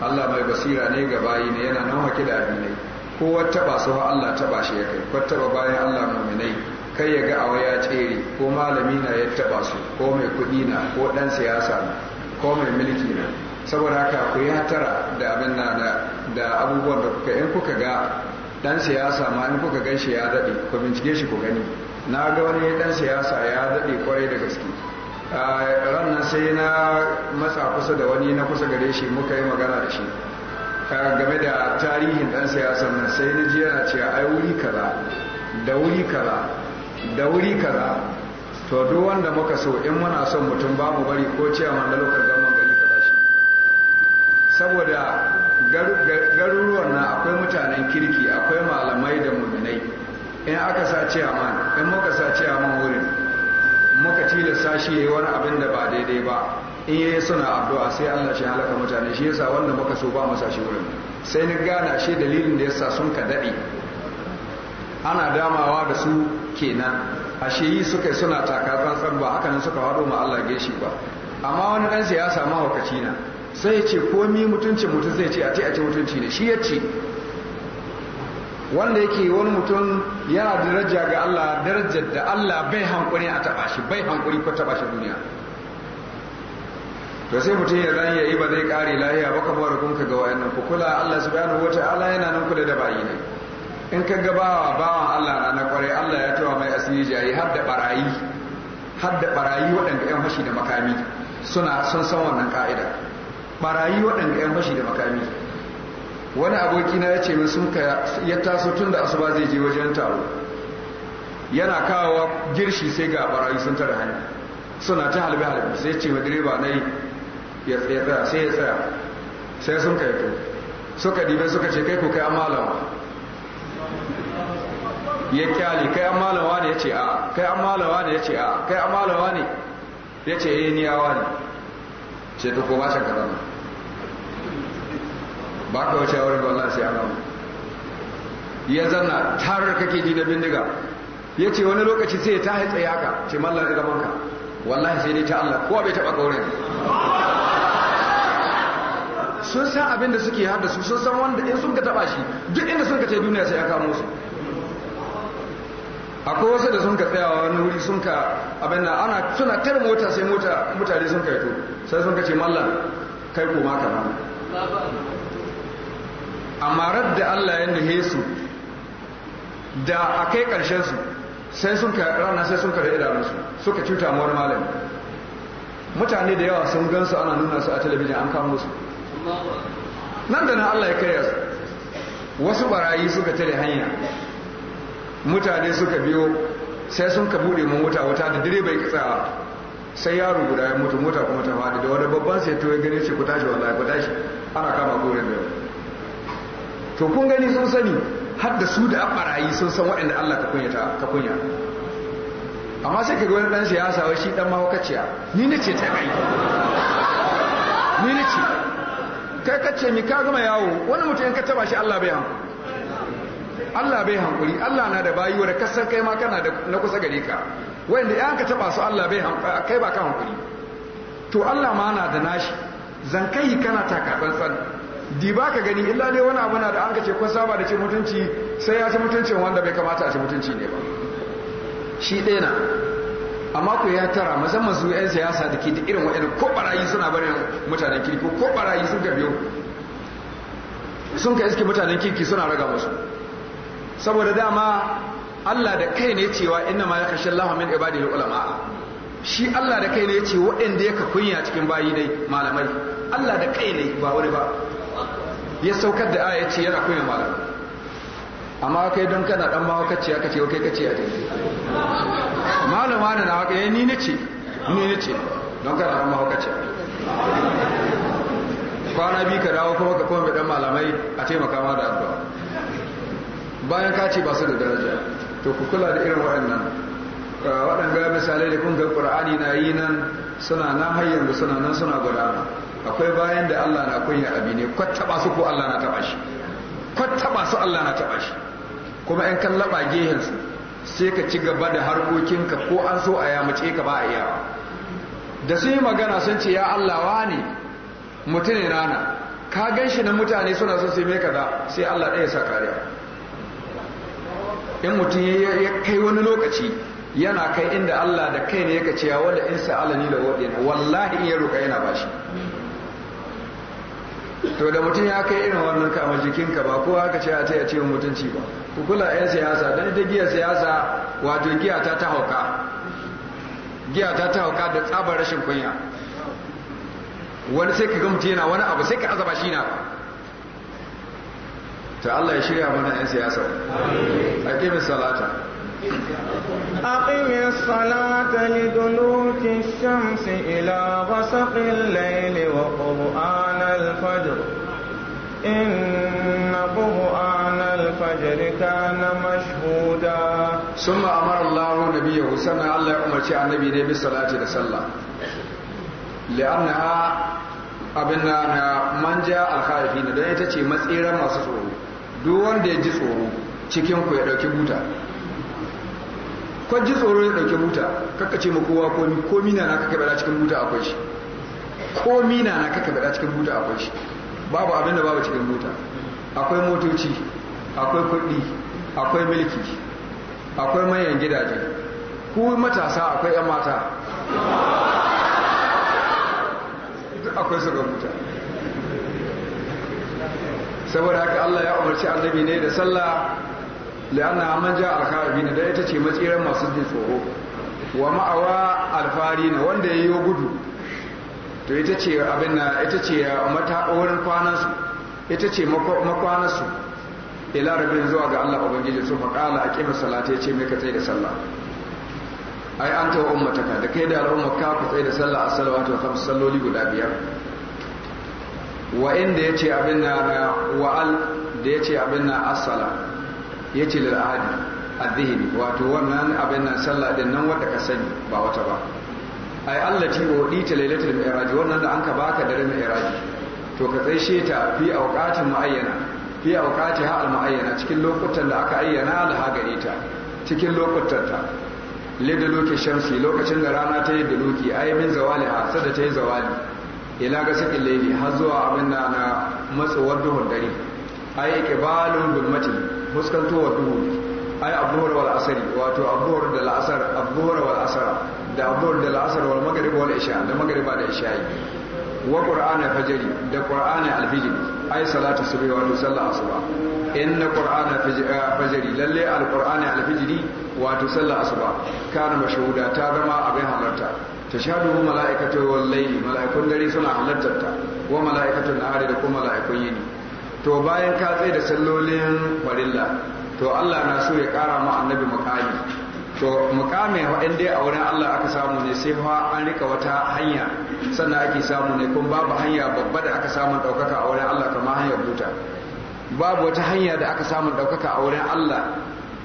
Allah mai basira ne ga bayi ne yana nan hake da abin ne ko wata ba su Allah taba shi ya kai ko taba bayan Allah mu'minai kai ya ga a ya tsere ko malami na ya taba su ko mai kudi na ko dan siyasa ko mai mulki na saboda haka ku yi hatara da abin na da abubuwan da kuka in kuka ga dan siyasa ma in kuka gan shi ya daɗe ku bincike shi ku gani na ga wani dan siyasa ya daɗe kwarai da gaske nan sai na matsa kusa da wani na kusa gare shi muka yi magana da shi game da tarihin dan siyasa nan sai na ji yana cewa ai wuri kaza da wuri kaza da wuri kaza to duk wanda muka so in muna son mutum ba mu bari ko cewa mandalokar gama saboda garuruwan na akwai mutanen kirki akwai malamai da muminai in aka sa ce man in muka sa ce man wurin muka tilasta shi yayi wani abin da ba daidai ba in yayi suna addu'a sai Allah shi halaka mutane shi yasa wanda muka so ba masa shi wurin sai ni gana shi dalilin da yasa sun ka dade ana damawa da su kenan ashe yi suka suna taka tsantsan ba haka suka faɗo ma Allah geshi ba amma wani dan siyasa wakaci na sai ya ce komi mutuncin mutum zai ce a ce a ce mutunci ne shi ya ce wanda yake wani mutum yana daraja ga Allah darajar da Allah bai hankuri a taba shi bai hankuri ko taba shi duniya to sai mutum ya zan yi ba zai kare lahiya ba kamar kun ka ga wayannan ku kula Allah subhanahu wataala yana nan kula da bayi ne in ka ga bawa bawan Allah na na kware Allah ya tawa mai asiri jayi har da barayi har da barayi waɗanda 'yan fashi da makami suna sun san wannan ka'ida barayi waɗanda yan bashi da makami wani abokina ya ce min sun ka ya taso tun da asuba zai je wajen taro yana kawowa girshi sai ga barayi sun tara hannu suna ta halbe halbe sai ce ma direba na yi ya tsaya sai ya tsaya sai sun kai to suka dibe suka ce kai ko kai an malama ya kyale kai an malama ne ya ce a kai an malama ne ya ce a kai an malama ne ya ce eh niyawa ne ce to ko ba shi ba ka wace wurin ba Allah sai ya ramu ya zanna tarar kake ji da bindiga ya ce wani lokaci sai ta haitsa ya ka ce mallar da gaban wallahi sai dai ta Allah kowa bai taba kaurin sun san abin da suke hada su sun san wanda in sun ka taba shi duk inda sun ka ce duniya sai ya kamo su akwai wasu da sun ka tsaya wani wuri sun ka abin da ana suna tare mota sai mota mutane sun ka yato sai sun ka ce mallar kai koma ka
nan
amma radda Allah ya nuhe su da a kai ƙarshen su sai sun ka rana sai sun idanun su suka cuta mawar malami mutane da yawa sun gansu ana nuna su a talabijin an kama su nan da nan Allah ya karya su wasu barayi suka tare hanya mutane suka biyo sai sun ka bude mun wuta wuta da direba ya kitsa sai yaro guda ya mutu mota kuma ta faɗi da wani babban sai to ya gane shi ku tashi wallahi ku tashi to kun gani sun sani har da su da barayi sun san waɗanda Allah ka kunya ta kunya amma sai kaga wani dan siyasa wai shi dan mahaukaciya ni ne ce ta kai ni ne ce kai kace mi ka gama yawo wani mutum in ka taba shi Allah bai hanku Allah bai hankuri Allah na da bayi wanda kasar kai ma kana da na kusa gare ka wanda in ka taba su Allah bai hankuri kai ba ka hankuri to Allah ma na da nashi zankai kana taka tsantsan di ba ka gani illa dai wani abu na da an ka ce kun saba da ce mutunci sai ya ci mutuncin wanda bai kamata a ci mutunci ne ba shi ɗaya na amma ku ya tara musamman su 'yan siyasa da ke da irin waɗanda ko barayi suna barin mutanen kirki ko barayi sun ka biyo sun ka iske mutanen kirki suna raga musu saboda dama Allah da kai ne cewa inna ma yakhsha Allahu min ibadihi ulama shi Allah da kai ne ce waɗanda ya ka kunya cikin bayi dai malamai Allah da kai ne ba wani ba ya saukar da aya ce yana koyi malam amma kai don kana dan mawakaci aka ce kai kace a dai malama na haka eh, ni nace ni nace don kana dan mawakaci kwana bi ka dawo kuma ka koma dan malamai a taimaka ma da addu'a bayan ka ce ba su da daraja to ku kula da irin waɗannan waɗanda misalai da kun ga Qur'ani na yi nan suna nan hayyar yanzu suna nan suna gudana akwai bayan da Allah na kunya abi ne kwattaba su ko Allah na taba shi kwattaba su Allah na taba shi kuma in kan laba gehen su sai ka ci gaba da harkokinka ko an so a yamace ka ba a iya da sun yi magana sun ce ya Allah wani mutune rana ka gan shi na mutane suna son sai mai kaza sai Allah ɗaya sa kariya in mutum ya kai wani lokaci yana kai inda Allah da kai ne yake cewa wala in sa'alani la wadin wallahi in ya roka yana bashi to da mutum ya kai irin wannan kama jikinka ba kowa ka ce a ce a ce mutunci ba ku kula yan siyasa don ita giya siyasa wato giya ta ta hauka giya ta ta hauka da tsabar rashin kunya wani sai ka ga mutum yana wani abu sai ka azaba shi na ta Allah ya shirya mana yan siyasa a kimin salata
أقم الصلاة لدلوك الشمس إلى غسق الليل وقرآن الفجر إن قرآن الفجر كان مشهودا ثم أمر
الله نبيه سنة الله أمر النبي نبي صلاة صلى لأنها abin na na manja alkharifi na don ita ce matsira masu tsoro duk wanda ya ji tsoro cikin ku ya dauki buta kwan ji tsoron ya ɗauke buta kakka ce ma kowa komi komi na naka kaɓe cikin buta akwai shi komi na naka kaɓe cikin buta akwai shi babu abin da babu cikin buta akwai motoci akwai kuɗi akwai milki akwai manyan gidaje ku matasa akwai 'yan mata akwai su ga buta saboda haka Allah ya umarci annabi ne da sallah la'anna manja ja al-kharibina da ita ce matsiran masu jin tsoro wa ma'awa alfarina wanda yayi gudu to ita ce abin na ita ce mata wurin kwanansu ita ce makwanansu ila rabin zuwa ga Allah ubangiji su faƙala a ƙimar salata ya ce mai ka tsaye da sallah ai an tawa ummataka da kai da al'ummar ka ku da sallah a salawatu wa salloli guda biyar wa inda ya abin na wa'al da ya ce abin na asala ya ce lil ahadi adhihni wato wannan abin nan sallah din nan wanda ka sani ba wata ba ai allati wa dita lailatul mi'raj wannan da anka baka dare mi'raj to ka tsaishe sheta fi awqatin muayyana fi awqatiha al muayyana cikin lokutan da aka ayyana da ha gare ta cikin lokutan ta lidda loke shamsi lokacin da rana ta yi da loki a min zawali a sada ta yi zawali ila ga sakin laili har zuwa abin da na matsowar duhun dare a yi ikibalin gulmatin fuskantowa duhu ai abubuwar wal asari wato abuwar da la'asar abubuwar wal asara da abuwar da la'asar wal magrib wal isha da magriba da isha'i wa qur'ana fajri da qur'ana alfijr ai salatu subhi wa sallah asuba inna qur'ana eh, fajri lalle alqur'ana alfijri wato sallah asuba kana mashhuda ta zama abin halarta tashadu mala'ikatu wal layli mala'ikun dare suna halartar ta wa mala'ikatu nahari da kuma mala'ikun yini to bayan ka tsaye da sallolin farilla to Allah na so ya kara ma annabi muƙami to muƙamin in dai a wurin Allah aka samu ne sai fa an rika wata hanya sannan ake samu ne kuma babu hanya babba da aka samu ɗaukaka a wurin Allah kamar hanyar buta babu wata hanya da aka samu ɗaukaka a wurin Allah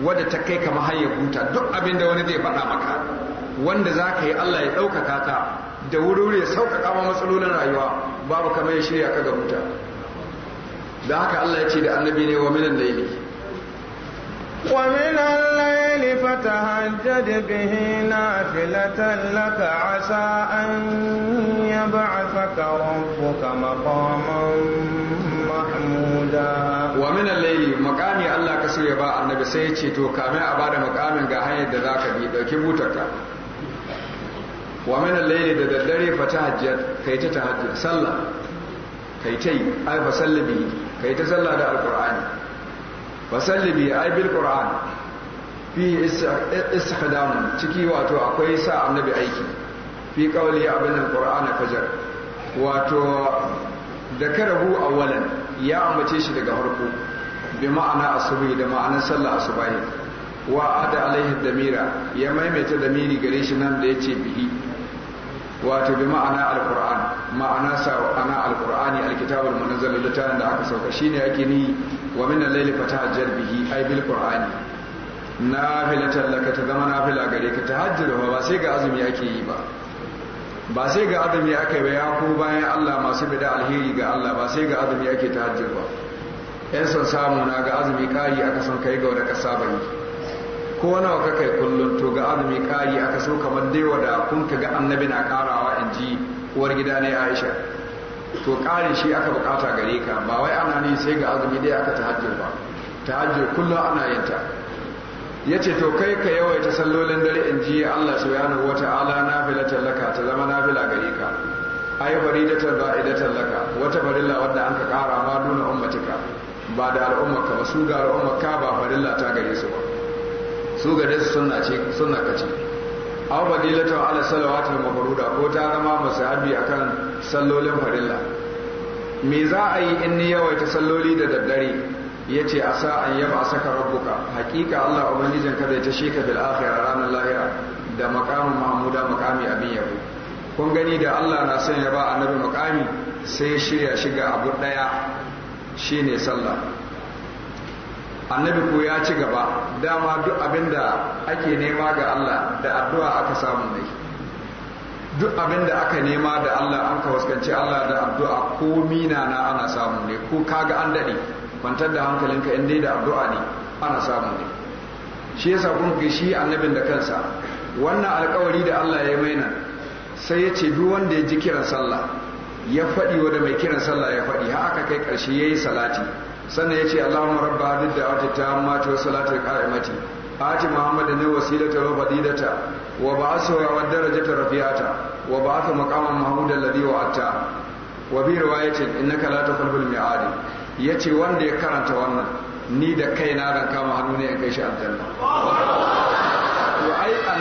wadda ta kai kamar hanyar buta duk abin da wani zai faɗa maka wanda za ka yi Allah ya ɗaukaka ka da wuri ya sauƙaƙa ma matsalolin rayuwa babu kamar ya shirya ka ga buta da haka Allah ya ce da annabi ne wa minan laili
wa minan laili fata hajja da bihi na nafilatan laka asa an yab'athaka rabbuka maqaman mahmuda
wa minan laili makami Allah ka so ya ba annabi sai ya ce to kame a bada makamin ga hanyar da za ka bi dauki butarka wa minan laili da daddare fatahajjad kai ta tahajjud sallah kai ta yi ai fasallabi kai ta sallah da alkur'ani fasalli bi ay bil qur'an fi istihdam ciki wato akwai sa annabi aiki fi qawli abin alqur'ana fajar wato da karahu awwalan ya ambace shi daga farko bi ma'ana asubi da ma'anar sallah asubahi wa ada alaihi damira ya maimaita damiri gare shi nan da yace bihi wato bi ma'ana alquran ma'ana sa ana alqurani alkitabul munazzal littafin da aka sauka shine yake ni wa min al-layli fatahajjar bihi ay bil qur'ani nafilatan laka ta zama nafila gare ka tahajjud ba sai ga azumi ake yi ba ba sai ga azumi ake ba ya ku bayan Allah masu bida alheri ga Allah ba sai ga azumi ake tahajjud ba yan son samu na ga azumi kai aka son kai ga wani kasa bane ko nawa kakai kullun to ga azumi kai aka so kamar dai wada kun ka ga annabi na kara inji uwar gida ne aisha to ƙarin shi aka bukata gare ka ba wai ana ne sai ga azumi dai aka ta tahajjud ba tahajjud kullum ana yin ta ce to kai ka yawaita sallolin dare in ji Allah subhanahu na fila tallaka ta zama na fila gare ka ai tarba ba'idatan tallaka wata farilla wadda an ka kara ma nuna ummatika ba da al'ummarka ba su ga al'ummarka ba farilla ta gare su ba su gare su suna ce aw badilatu ala salawatil mafaruda ko ta zama a kan sallolin farilla me za a yi in ni yawaita salloli da daddare Ya yace sa an yaba saka rabbuka hakika Allah ubangijin ka zai ta sheka bil a ranar lahira da makamin mahmuda makami abin yabo kun gani da Allah na son ya ba annabi makami? sai ya shirya shiga abu daya shine sallah annabi ko ya ci gaba dama duk abin da ake nema ga Allah da addu'a aka samu ne duk abin da aka nema da Allah an ka waskanci Allah da addu'a ko mina na ana samu ne ko kaga an dade kwantar da hankalinka in dai da addu'a ne ana samu ne shi yasa kun ga shi annabin da kansa wannan alkawari da Allah ya mai sai ya ce duk wanda ya ji kiran sallah ya faɗi wa da mai kiran sallah ya faɗi har aka kai ƙarshe yi salati sannan ya ce allahumma rabba hadid da wata ta amma ta salatu qa'imati ati muhammad ne didata wa fadilata a ba'athu wa darajata rafi'ata wa a maqaman makaman ladhi wa'ata wa bi riwayatin innaka la tuqbalul ya ce wanda ya karanta wannan ni da kaina zan kama hannu ne in kai shi
aljanna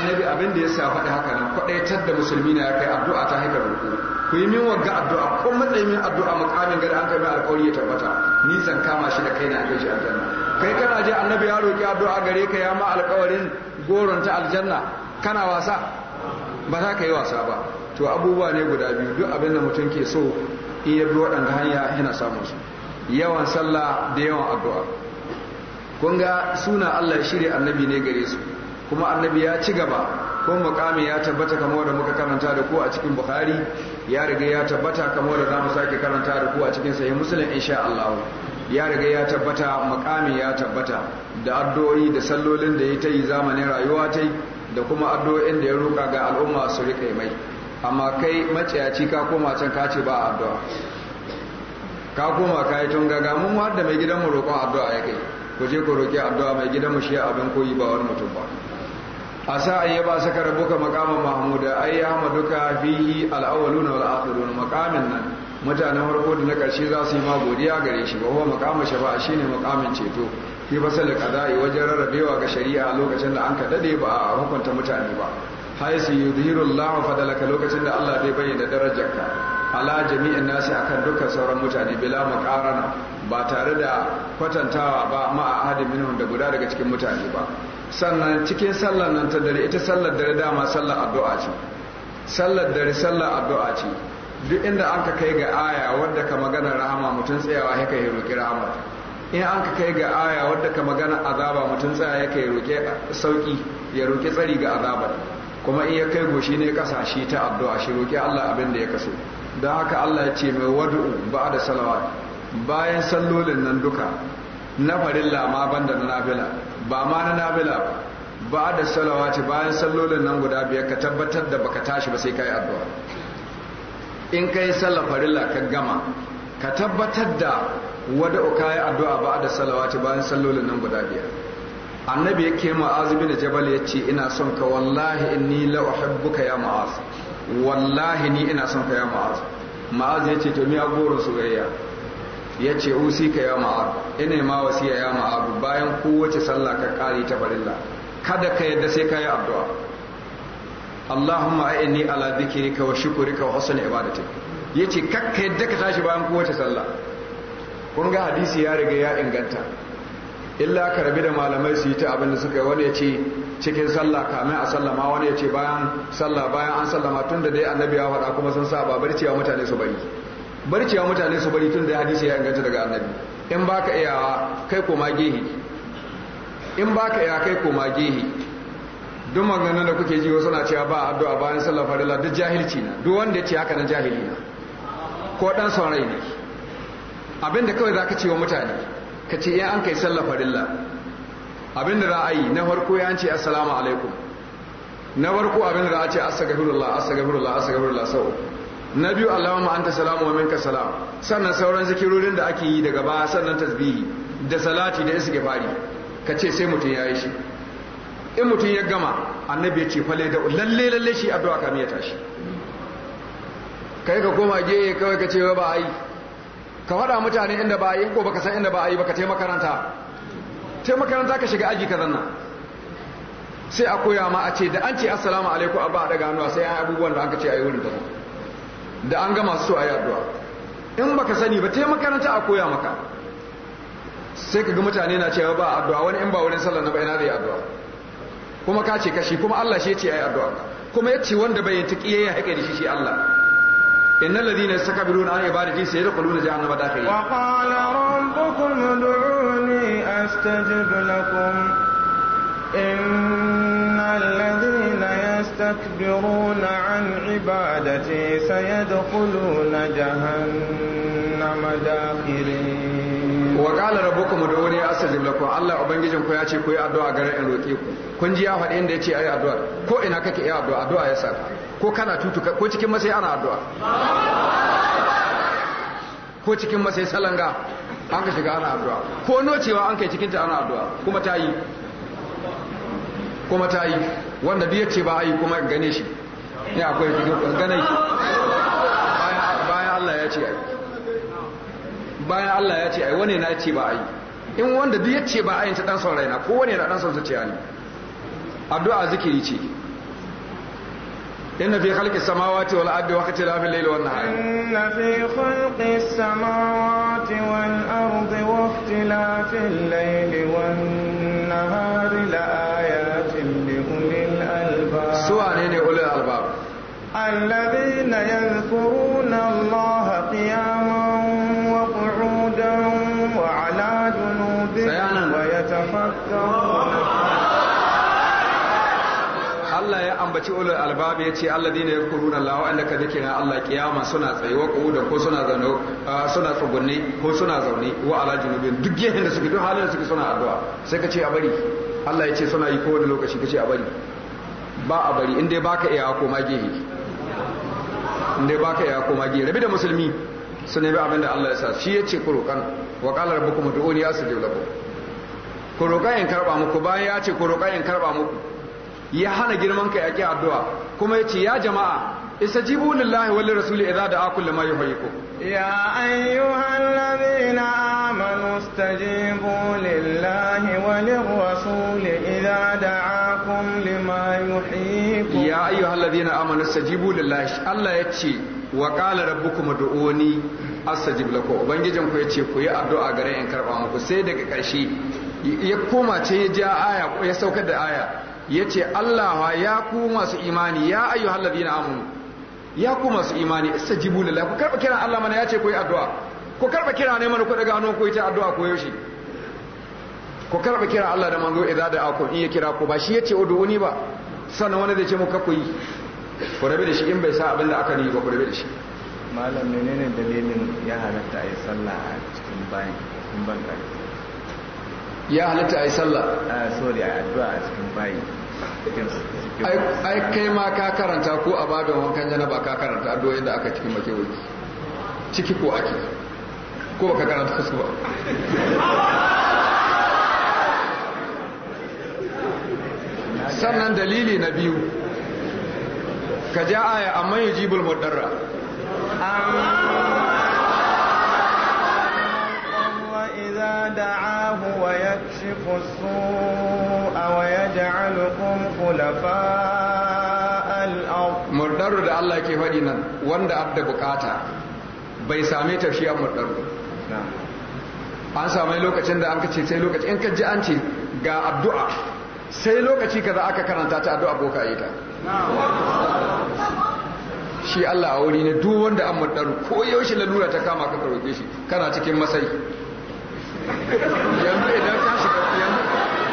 annabi abin da ya sa faɗi haka nan kwaɗaitar da musulmi na ya kai addu'a ta haifar ruku ku yi min wagga addu'a ko matsayin min addu'a mukamin gari an kai alƙawari ya tabbata ni san kama shi da kaina a kai shi aljanna kai kana je annabi ya roƙi addu'a gare ka ya ma alƙawarin goron ta aljanna kana wasa ba za ka yi wasa ba to abubuwa ne guda biyu duk abin da mutum ke so in ya bi waɗanda hanya yana samun su yawan sallah da yawan addu'a kun ga suna Allah ya shirya annabi ne gare su kuma annabi ya ci gaba ko mukami ya tabbata kamar da muka karanta da ku a cikin bukhari ya riga ya tabbata kamar da zamu sake karanta da ku a cikin sahih muslim insha Allah ya riga ya tabbata mukami ya tabbata da addu'o'i da sallolin da ya ta yi zamanin rayuwa ta da kuma addu'o'in da ya roka ga al'umma su rike mai amma kai maciyaci ka koma can ka ce ba addu'a
ka koma kai tun gaga mun wadda mai gidan mu roƙon addu'a ya kai ku je ku roƙi addu'a mai gidan
mu shi abin koyi ba wani mutum ba a sa ya ba su saka rabuka makaman mahmuda ai ya hamaduka fihi al-awwaluna al’afirun makamin nan mutanen farko da na ƙarshe za su yi ma godiya gare shi ba wa makamin shafa'a ne makamin ceto fi da qada'i wajen rarrabewa ga shari'a lokacin da an ka dade ba a hukunta mutane ba yi yudhiru Allahu fadalaka lokacin da Allah zai bayyana darajar ka ala jami'in nasi akan dukkan sauran mutane bila makarana ba tare da kwatantawa ba ma ahadin minhum da guda daga cikin mutane ba sannan cikin sallar nan ta dare ita sallar dare dama sallar addu'a ce sallar dare sallar addu'a ce duk inda an ka kai ga aya wadda ka magana rahama mutum tsayawa ya kai roƙi rahama in an ka kai ga aya wadda ka magana azaba mutum tsaya ya kai sauki ya roƙi tsari ga azaba kuma in ya kai goshi ne ƙasa shi ta addu'a shi roƙi Allah abin da ya kaso don haka Allah ya ce mai wadu'u bada salawa salawat bayan sallolin nan duka na farilla ma banda na nafila ba ma na nabila ba da salawa ce bayan sallolin nan guda biyar ka tabbatar da baka tashi ba sai ka yi addu'a in ka yi sallar farilla ka gama ka tabbatar da wada uka yi addu'a ba da salawa ce bayan sallolin nan guda biyar annabi ya ma azubi da jabal ya ce ina son ka wallahi inni la uhibbuka ya ma'az wallahi ni ina son ka ya ma'az ma'az ya ce to ni a goron soyayya ya ce usi ka ya ma'ar ina ma wasiya ya ma'ar bayan kowace sallah ka kari ta barilla kada ka yadda sai ka yi addu'a Allahumma a'inni ala dhikrika wa shukrika wa husni ibadatik yace kakka yadda ka tashi bayan kowace sallah kun ga hadisi ya riga ya inganta illa ka rabi da malamai su yi ta abin da suka yi wani ya ce cikin sallah kamin a sallama wani ya ce bayan sallah bayan an sallama tun da dai annabi ya faɗa kuma sun sa babar cewa mutane su bari bari cewa mutane su bari tun da hadisi ya inganta daga annabi in ba ka iyawa kai koma gehe in ba ka iya kai koma gehe duk maganganun da kuke ji wasu na cewa ba addu'a bayan sallar farilla duk jahilci na duk wanda ya ce haka na jahili na ko dan son rai ne abinda kawai za ka ce wa mutane ka ce in an kai sallar farilla abinda za a yi na farko ya ce assalamu alaikum na farko abinda za a ce astaghfirullah astaghfirullah astaghfirullah sau na biyu allahumma anta salamu wa minka salam sannan sauran zikirorin da ake yi daga baya sannan tasbihi da salati da istighfari ka ce sai mutum ya yi shi in mutum ya gama annabi ya ce fale da lalle lalle shi addu'a ka ya tashi kai ka koma gehe kawai ka ce ba a yi ka faɗa mutane inda ba a yi ko baka san inda ba a yi baka tai makaranta tai makaranta ka shiga aji ka zanna sai a koya ma a ce da an ce assalamu alaikum abba a daga a sai an abubuwan da aka ce a yi wurin tafi da an gama su a yi addu'a in baka sani ba te makaranta a koya maka sai ka ga mutane na cewa ba addu'a wani in ba wurin sallar na bayana da ya addu'a kuma ka ce kashi kuma Allah shi ce ayi addu'a kuma ya ce wanda bai ta ya haƙe da shi shi Allah innal ladina yastakbiruna an ibadati sayadkhuluna jahannama dakhilin wa
qala rabbukum ud'uni astajib lakum يستكبرون عن عبادتي
سيدخلون جهنم داخرين وقال ربكم ادعوني استجب لكم الله ubangijin ku ya ce ku غير ان روكيكم كون جي ku ان ديتي اي faɗi كو انا ayi اي ko ina يا yi كو كانا توتو كو cikin kana tutuka ko cikin masai ana addu'a ko cikin masai salanga an ka shiga ana addu'a ko nocewa an kai cikinta ana addu'a kuma ta yi kuma ta yi wanda duk yace ba ayi kuma gane shi ne akwai fito gane shi bayan Allah ya ce yi. bayan Allah ya ce yi, wane na ce ba ayi in wanda duk yace ba ayin ta dan son raina ko wane na dan son zuciya ne addu'a zikiri ce إن في خلق السماوات والأرض واختلاف الليل والنهار
إن في خلق السماوات والأرض واختلاف الليل والنهار لآيات الذين يذكرون الله قياما وقعودا وعلى جنوبهم ويتفكرون
Allah ya ambaci ulul albab ya ce ya kuruna Allah wa'anda ka zikira Allah kiyama suna tsaye wa qu'udan ko suna zaune suna tsugunne ko suna zaune wa ala junubin duk gehen da suke duk halin da suke suna addu'a sai ka ce a bari Allah ya ce suna yi kowane lokaci ka ce a bari ba a bari in dai baka iya ko ma gehe da ba ka ya koma gida rabi da musulmi su ne abin da Allah ya sa shi ya ce kurokan wa kalar buku mutu oni asu da ulabu kurokan in karba muku bayan ya ce kurokan in karba muku ya hana girman ka ya ki addu'a kuma ya ce ya jama'a isa jibu lillahi wani rasuli idza da akul lima yuhayiku
ya ayyuhal ladina amanu stajibu lillahi wali rasuli idza da'akum lima yuhayiku ya ayyuhal
ladina amanu sajibu lillahi Allah ya ce wa qala rabbukum ud'uni astajib lakum ubangijin ku yace ku yi addu'a gare in karba muku sai daga karshe ya koma ce ya ja aya ko ya saukar da aya yace Allah ya ku masu imani ya ayyuhal ladina amanu ya ku masu imani istajibu lillahi ku karba kiran Allah mana yace ku yi addu'a ku karba kira ne mana ku daga hannu ku yi ta addu'a ko ku karba kira Allah da manzo idza da akum in ya kira ku ba shi yace ud'uni ba sannan wani da ce muka ku yi ku rabe da shi in bai sa abin da aka yi ba ku rabe da shi
malam menene dalilin ya halatta a yi sallah a cikin bayan cikin bankare
ya halatta a yi sallah ah, a sori a addu'a a cikin bayi ai kai ma ka karanta ko a babin wankan janaba ka karanta addu'o'in da aka cikin wuki ciki ko ake ko baka karanta fuska ba sannan dalili na biyu ka ja aya amma ya ji bulmudarra murdaru da Allah ke faɗi nan wanda abda bukata bai same ta shi a murdaru an same lokacin da an kace sai lokacin in ka ji an ce ga addu'a sai lokaci kaza aka karanta ta addu'a boka yi ta shi Allah a wuri ne duk wanda an mutar ko yaushe lalura ta kama ka karoke shi kana cikin masai
yanzu idan ka shiga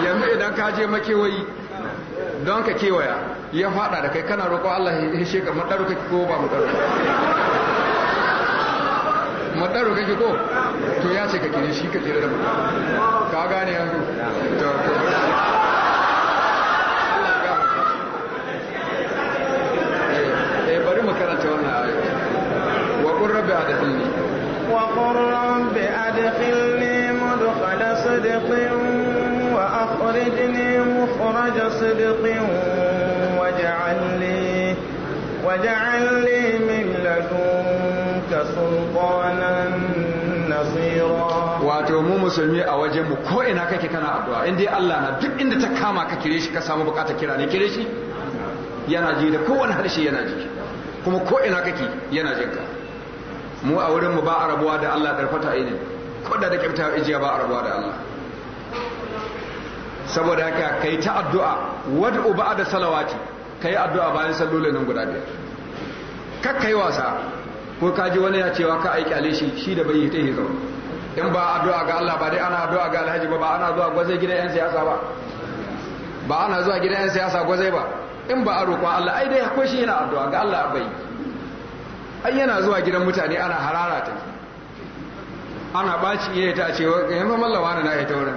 yanzu idan ka je makewayi don ka kewaya ya fada da kai kana roƙo Allah ya hishe ka mutar ka ko ba madaru mutar ka ko to ya ce ka kire shi ka kire da mutar ka gane yanzu رب أدخلني
وقل رب أدخلني مدخل صدق وأخرجني مخرج صدق واجعل لي واجعل لي من
لدنك سلطانا nasira wato mu musulmi a wajen mu ko ina kake kana addu'a in dai Allah na duk inda ta kama ka kire shi ka samu bukatar kira ne kire shi yana ji da kowane harshe yana ji kuma ko ina kake yana jinka mu a wurin mu ba a rabuwa da Allah darfata ainin kodda da kyauta ijiya ba a rabuwa da Allah saboda haka kai ta addu'a a da salawati kai addu'a bayan sallolin nan guda biyar kai wasa ko ka ji wani ya cewa ka aiki ale shi shi da bai yi ta hizo in ba addu'a ga Allah ba dai ana addu'a ga Alhaji ba ba ana zuwa gwazai gidan yan siyasa ba ba ana zuwa gidan yan siyasa gwazai ba in ba a roƙon Allah ai dai akwai shi yana addu'a ga Allah bai ai yana zuwa gidan mutane ana harara ta ana baci iya ta ce yanzu mallawa na ya taurin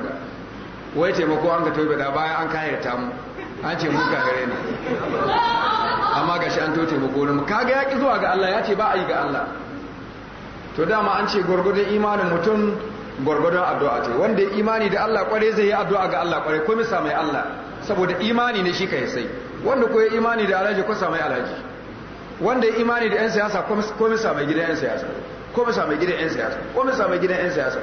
wurin da wai taimako an ga tobe da bayan an kayar ta mu an ce mun gare ne amma gashi an to taimako ne mu kaga yaki zuwa ga Allah ya ce ba a yi ga Allah to dama an ce gwargwadon imanin mutum gwargwadon addu'a ce wanda imani da Allah kware zai yi addu'a ga Allah kware ko misa mai Allah saboda imani ne shi kai sai wanda koyi imani da alhaji ko mai alhaji wanda ya imani da 'yan siyasa komisa mai gidan 'yan siyasa komisa mai gidan 'yan siyasa komisa mai gidan 'yan siyasa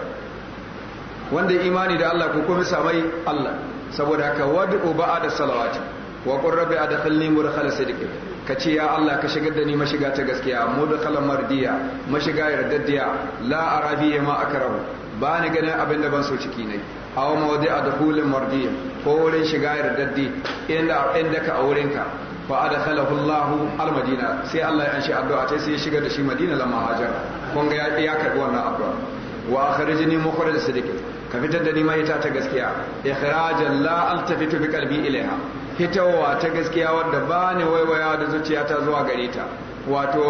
wanda ya imani da Allah ko komisa samai Allah saboda haka wad'u ba'a da salawati wa qur rabbi adkhilni mudkhala sidq ka ce ya Allah ka shigar da ni mashiga ta gaskiya mudkhala mardiya mashiga yardaddiya la arabi ma akrahu ba ni ganin abin da ban so ciki ne aw da adkhulin mardiya ko wurin shiga yardaddi inda inda ka aurenka fa adakhalahu Allahu al-Madina sai Allah ya anshi addu'a sai sai ya shiga da shi Madina lamma hajar kun ga ya karbi wannan addu'a wa akhrijni mukhrij sidiq ka fitar da ni mai ta ta gaskiya ikhrajan la altafitu bi qalbi ilaiha fitowa ta gaskiya wadda ba ni waiwaya da zuciyata zuwa gare ta wato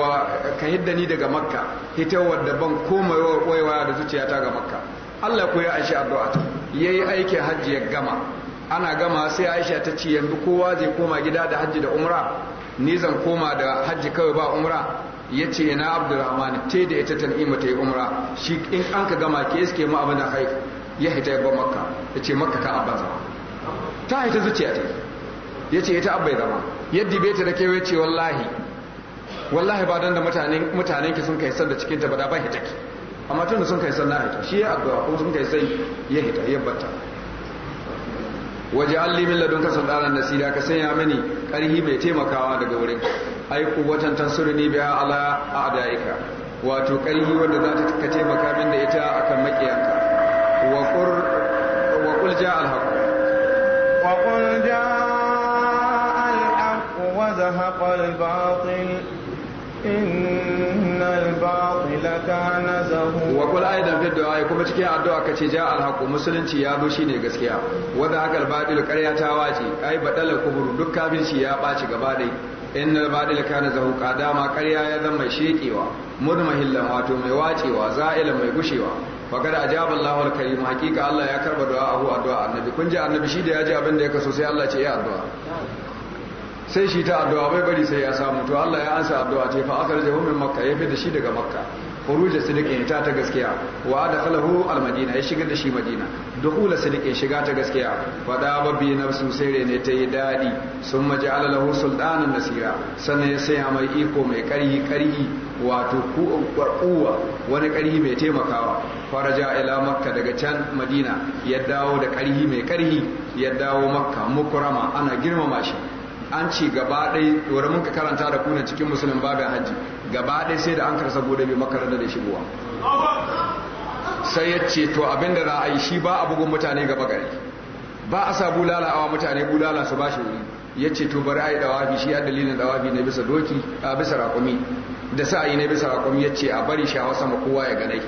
ka hidda ni daga makka fitowar da ban koma waiwaya da zuciyata ga makka Allah ko ya anshi addu'a ta yayi aikin hajji ya gama ana gama sai aisha ta ce yanzu kowa zai koma gida da hajji da umra ni zan koma da hajji kawai ba umra ya ce na abdurrahman te da ita tan'ima ta yi umra shi in an ka gama ke iske mu abin da haif ya hita ya ba makka ya ce makka ka abba zama ta hita zuciya ta ya ce ita abba ya zama yadda bai ta da kewaye ce wallahi wallahi ba don da mutanen ki sun kai sanda cikinta ba da ban hita ki amma tun da sun kai sanda haita shi ya addu'a ko sun kai sai ya hita ya batta waje alli min ladunka sultanan nasira ka sanya mini karhi mai taimakawa daga wurin ai kuwatan tansurni biya ala a'daika wato karhi wanda za ta taimaka min da ita akan makiyanka wa qur wa qul ja al
wa qul ja'a al wa الباطل كان وقل ايضا
في الدعاء كما تكي الدعاء كتي جاء الحق مسلمتي يا ني غسكيا وذاك الباطل قريا تاواجي اي بدل الكبر دك كافرتي يا باشي غبادي ان الباطل كان زهوقا داما قريا يا ذم شيكيوا مدمهلا واتو مي واچيوا زائلا مي غشيوا fagar ajaba Allahu al-karim الله Allah ya karba du'a ahu addu'a annabi kun ji annabi shi da ya ji abin da ya kaso sai Allah ce ya sai shi ta addu'a bai bari sai ya samu to Allah ya ansa addu'a ce fa akar jahu min makka ya da shi daga makka khuruja sidiqin ta ta gaskiya wa al-madina ya shiga da shi madina dukhula sidiqin shiga ta gaskiya wa da babbi nafsu sai ne ta yi dadi sun maji lahu sultanan nasira sannan ya saya mai iko mai karhi karhi wato ku kuwa wani karhi mai taimakawa faraja ila makka daga can madina ya dawo da karhi mai karhi ya dawo makka mukurama ana girmama shi an ce gaba ɗai wurin muka ka karanta da kuna cikin musulun babin hajji gaba ɗai sai da an karsa gode bai makaranta da shigowa sai ya ce to abinda za a yi shi ba a bugun mutane gaba gari ba a sa bulala awa mutane bulala su ba shi wuri ya ce to bari a yi dawafi shi ya dalilin dawafi na bisa doki a bisa rakumi da sa yi na bisa rakumi ya ce a bari wasa ma kowa ya ganai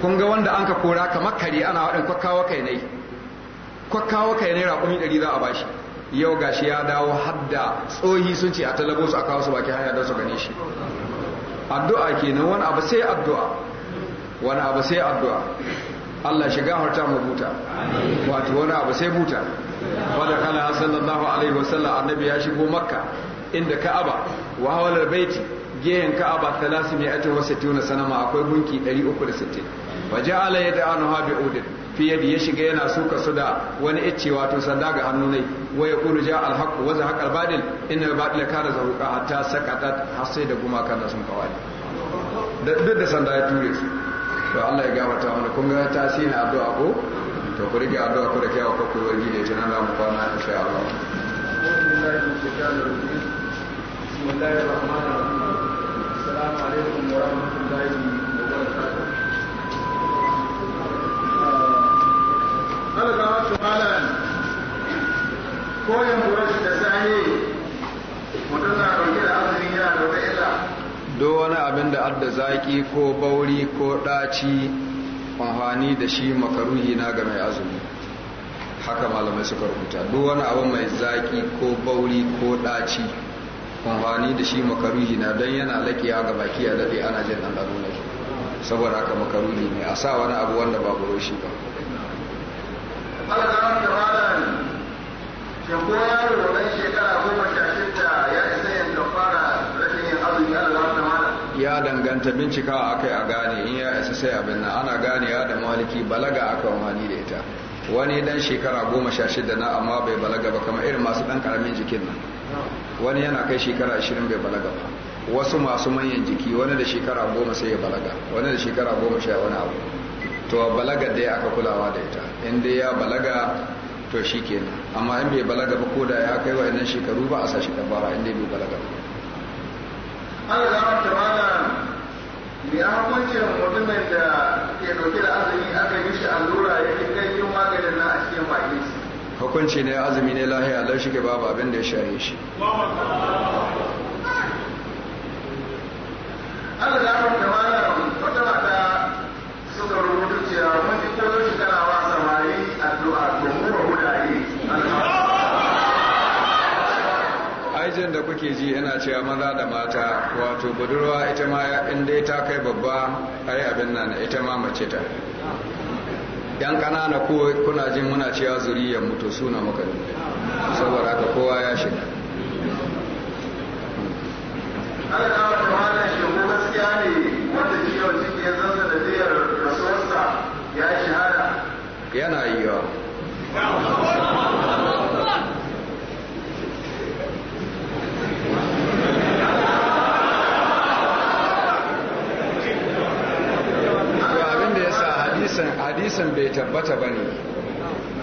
kun ga wanda an ka kora kamar kare ana waɗin kwakkawa kai nai kwakkawa kai nai rakumi ɗari za a bashi yau gashi ya dawo hadda tsohi sun ce a talabo su a kawo su baki hanya don su gane shi addu'a kenan wani abu sai addu'a wani abu sai addu'a Allah shiga harta mu buta wato wani abu sai buta wanda kana sallallahu alaihi wasallam annabi ya shigo makka inda ka'aba wa hawalar baiti gehen ka'aba 360 sanama akwai gunki 360 wa ja'ala yad'anuha bi'udin fiyadi ya shiga yana suka su da wani icce wato sanda ga hannu ne wa ya kulu ja alhaq wa za haqal badil inna badil kana zaruqa hatta sakatat hasai da guma kana sun kawai da duk da sanda ya ture su to Allah ya gafarta mana kun ga tasirin addu'a ko to ku rike addu'a ku da wa ku wani ne tana da mu kwana insha Allah
بسم الله الرحمن الرحيم السلام عليكم ورحمة الله algawa su malam koyan burashi da sahi mutum na ɗauke da azumi yana da wata illa
do wani abin da adda zaƙi ko bauri ko ɗaci amfani da shi makaruhi na ga mai azumi haka malamai suka rubuta duk wani abu mai zaƙi ko bauri ko ɗaci amfani da shi makaruhi na don yana laƙiya ga baki a daɗe ana jin ɗan ɗaro saboda haka makaruhi ne a sa wani abu wanda ba
buro shi ba shekara goma sha ya isa
da malam ya danganta bincika a kai a gane in ya isa sai abin nan ana gane ya da maliki balaga aka wani da ita wani dan shekara goma sha shida na amma bai balaga ba kamar irin masu dan karamin jikin nan wani yana kai shekara ashirin bai balaga ba wasu masu manyan jiki wani da shekara goma sai ya balaga wani da shekara goma sha wani abu to balaga dai aka kulawa da ita in dai ya balaga to shi kenan amma in bai balaga ba ko da ya kai wa innan shekaru ba a sa shi dabara in dai bai balaga ba
an zama tumana ne an hukuncin mutumin da ke dauke da azumi aka yi shi allura ya ke kai yin maganin nan a cikin baki
hukunci ne azumi ne lahiya lau shi ke babu abin da ya shaye shi
Allah zama mana wata mata suka rubuta cewa mun ji ko yau kana wa samari addu'a
aijin da kuke ji yana cewa maza da mata wato budurwa ita ma in dai ta kai babba ai abin nan ita ma mace ta yan kanana ko kuna jin muna cewa zuriyar mutu suna muka saboda haka kowa ya shiga Allah ya wata mana shi
gaskiya ne wanda ciwon ciki ya zama ya shahada
yana hadisin bai tabbata ba ne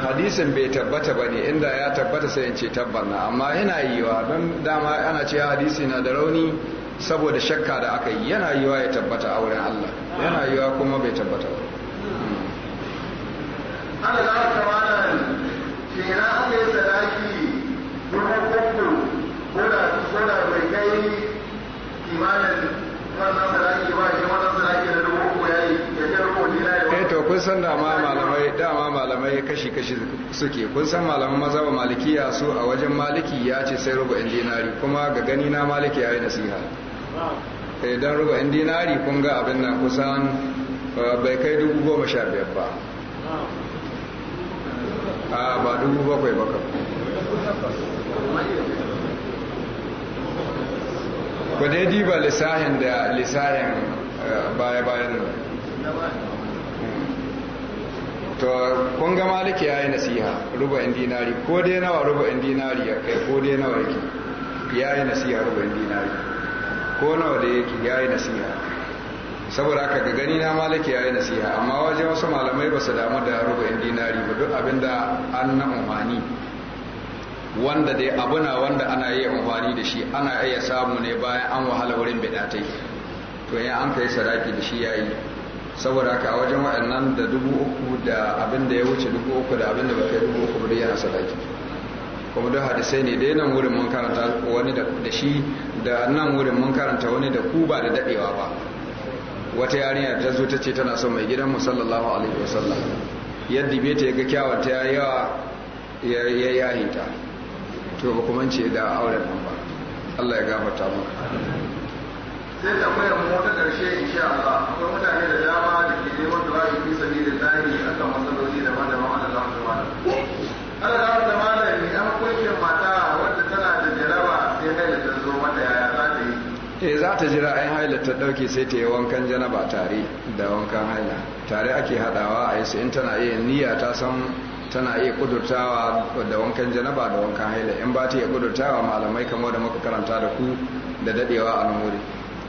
hadisin bai tabbata ba ne inda ya tabbata sai in ce tabbanna amma yana yiwa don dama ana ce hadisi na da rauni saboda shakka da aka yi yana yiwa ya tabbata a wurin Allah yana yiwa kuma bai tabbata ba kun dama malamai dama malamai kashi kashi suke kun san malaman mazhab malikiya su a wajen maliki ya ce sai rubu'in dinari kuma ga gani na maliki ya yi nasiha dan rubu'in dinari kun ga abin nan kusan bai kai dubu goma sha biyar ba a ba dubu bakwai baka ku dai diba lissahin da lissahin eh, baya-bayan to kun ga maliki ya yi nasiha in dinari ko dai nawa in dinari ya kai ko dai nawa yake ya yi nasiha in dinari ko nawa da yake ya yi nasiha saboda haka ga gani na maliki yayi nasiha amma waje wasu malamai ba su damu da in dinari ba duk abinda an na umani wanda dai abuna wanda ana yi amfani da shi ana iya samu ne bayan an wahala wurin bidatai to ya an kai sadaki da shi yayi saboda haka a wajen wa'annan da dubu uku da abin da ya wuce dubu uku da abin da ba kai dubu uku ba yana sadaki kuma duk hadisai ne dai nan wurin mun karanta wani da shi da nan wurin mun karanta wani da ku ba da dadewa ba wata yarinya ta zo ta ce tana son mai gidan mu sallallahu alaihi wasallam yadda bai ta yaga kyawun ta yawa ya yahi ta to ba kuma ce da auren nan ba Allah ya gafarta mu
sai tambayar mu ta karshe insha Allah akwai mutane da dama da ke neman da ba su fi da akan matsaloli daban-daban Allah ya gafarta
E, za ta jira ayin haila ta dauke sai ta yi wankan janaba tare da wankan haila tare ake hadawa a yi in tana iya niyya ta san tana iya kudurtawa da wankan janaba da wankan haila in ba ta iya kudurtawa malamai kamar da muka karanta da ku da dadewa a nuri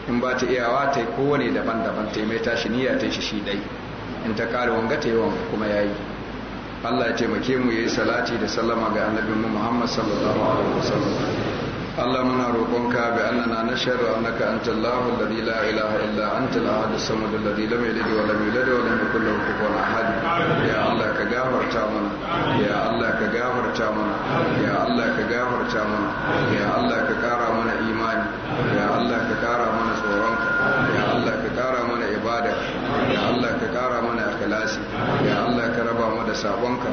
in ba ta wa ta yi kowane daban-daban ta yi mai tashi niyya ta shi shi dai in ta kare wanga ta yi wanga kuma ya yi Allah ya taimake mu ya yi salati da sallama ga annabinmu Muhammad sallallahu alaihi wasallam Allah muna roƙonka bi annana nashhadu annaka anta Allahu alladhi la ilaha illa anta al-ahad as-samad alladhi lam yalid wa lam yulad wa lam yakul lahu kufuwan ahad ya Allah ka gafarta mana ya Allah ka gafarta mana ya Allah ka gafarta mana ya Allah ka kara mana imani ya Allah ka kara mana tsoronka ya Allah ka kara mana ibada ya Allah ka kara mana ikhlasi ya Allah sabonka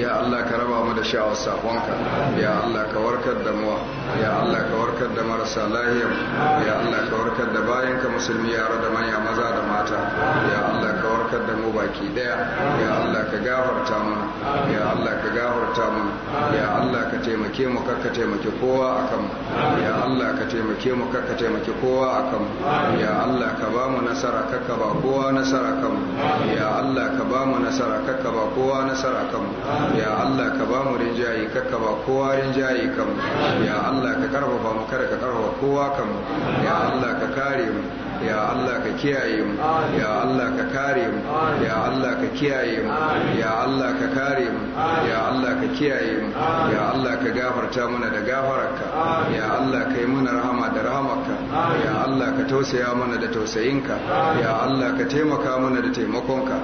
ya Allah ka raba mu da sha'awar sabonka ya Allah ka warkar da mu ya Allah ka warkar da marasa lahiya ya Allah ka warkar da bayanka musulmi yara da manya maza da mata ya Allah warkar da mu baki daya ya Allah ka gafarta mana ya Allah ka gafarta mana ya Allah ka taimake mu ka taimake kowa akan mu ya Allah ka taimake mu ka taimake kowa akan mu ya Allah ka ba mu nasara ka ba kowa nasara kan mu ya Allah ka ba mu nasara ka ba kowa nasara kan mu ya Allah ka ba mu rinjaye ka ba kowa rinjaye kan mu ya Allah ka karfafa mu kada ka karfafa kowa kan mu ya Allah ka kare mu ya Allah ka kiyaye mu ya Allah ka kare mu Allah ka kiyaye mu ya Allah ka kare mu Allah ka kiyaye mu ya Allah ka gafarta mana da gafararka ya Allah ka yi mana rahama da rahamarka ya Allah ka tausaya mana da tausayinka ya Allah ka taimaka mana da taimakonka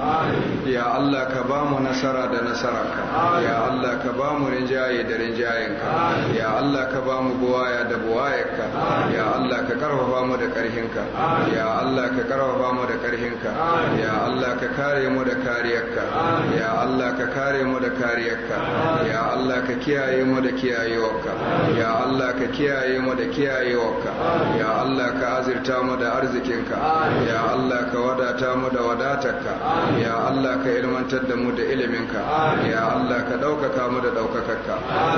ya Allah ka nasara da nasararka ya Allah ka rinjaye da rinjayenka ya Allah ka buwaya da buwayarka ya Allah ka karfafa mu da karhinka ya Allah ka karfafa mu da karhinka ya Allah ka kare mu da kariyarka ya Allah ka kare mu da kariyarka ya Allah ka kiyaye mu da kiyayewarka ya Allah ka kiyaye mu da kiyayewarka ya Allah ka azirta mu da arzikinka ya Allah ka wadata mu da wadatarka ya Allah ka ilmantar da mu da iliminka ya Allah ka ɗaukaka mu da ɗaukakarka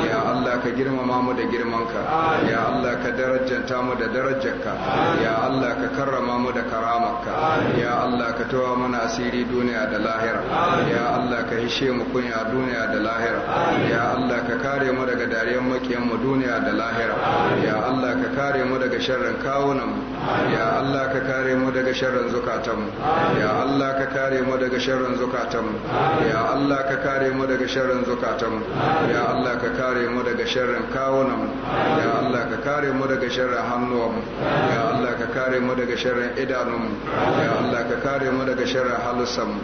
ya Allah ka girmama mu da girmanka ya Allah ka darajanta mu da darajarka ya Allah ka karrama karrama mu da karamarka ya Allah ka tawa mana asiri duniya da lahira ya Allah ka hishe mu kunya duniya da lahira ya Allah ka kare mu daga dariyan makiyan mu duniya da lahira ya Allah ka kare mu daga sharrin kawunan mu ya Allah ka kare mu daga sharrin zukatan mu ya Allah ka kare mu daga sharrin zukatan mu ya Allah ka kare mu daga sharrin zukatan mu ya Allah ka kare mu daga sharrin kawunan mu ya Allah ka kare mu daga sharrin hannuwan mu ya Allah ka kare mu daga sharrin idanunmu ya Allah ka kare mu daga sharrin halussanmu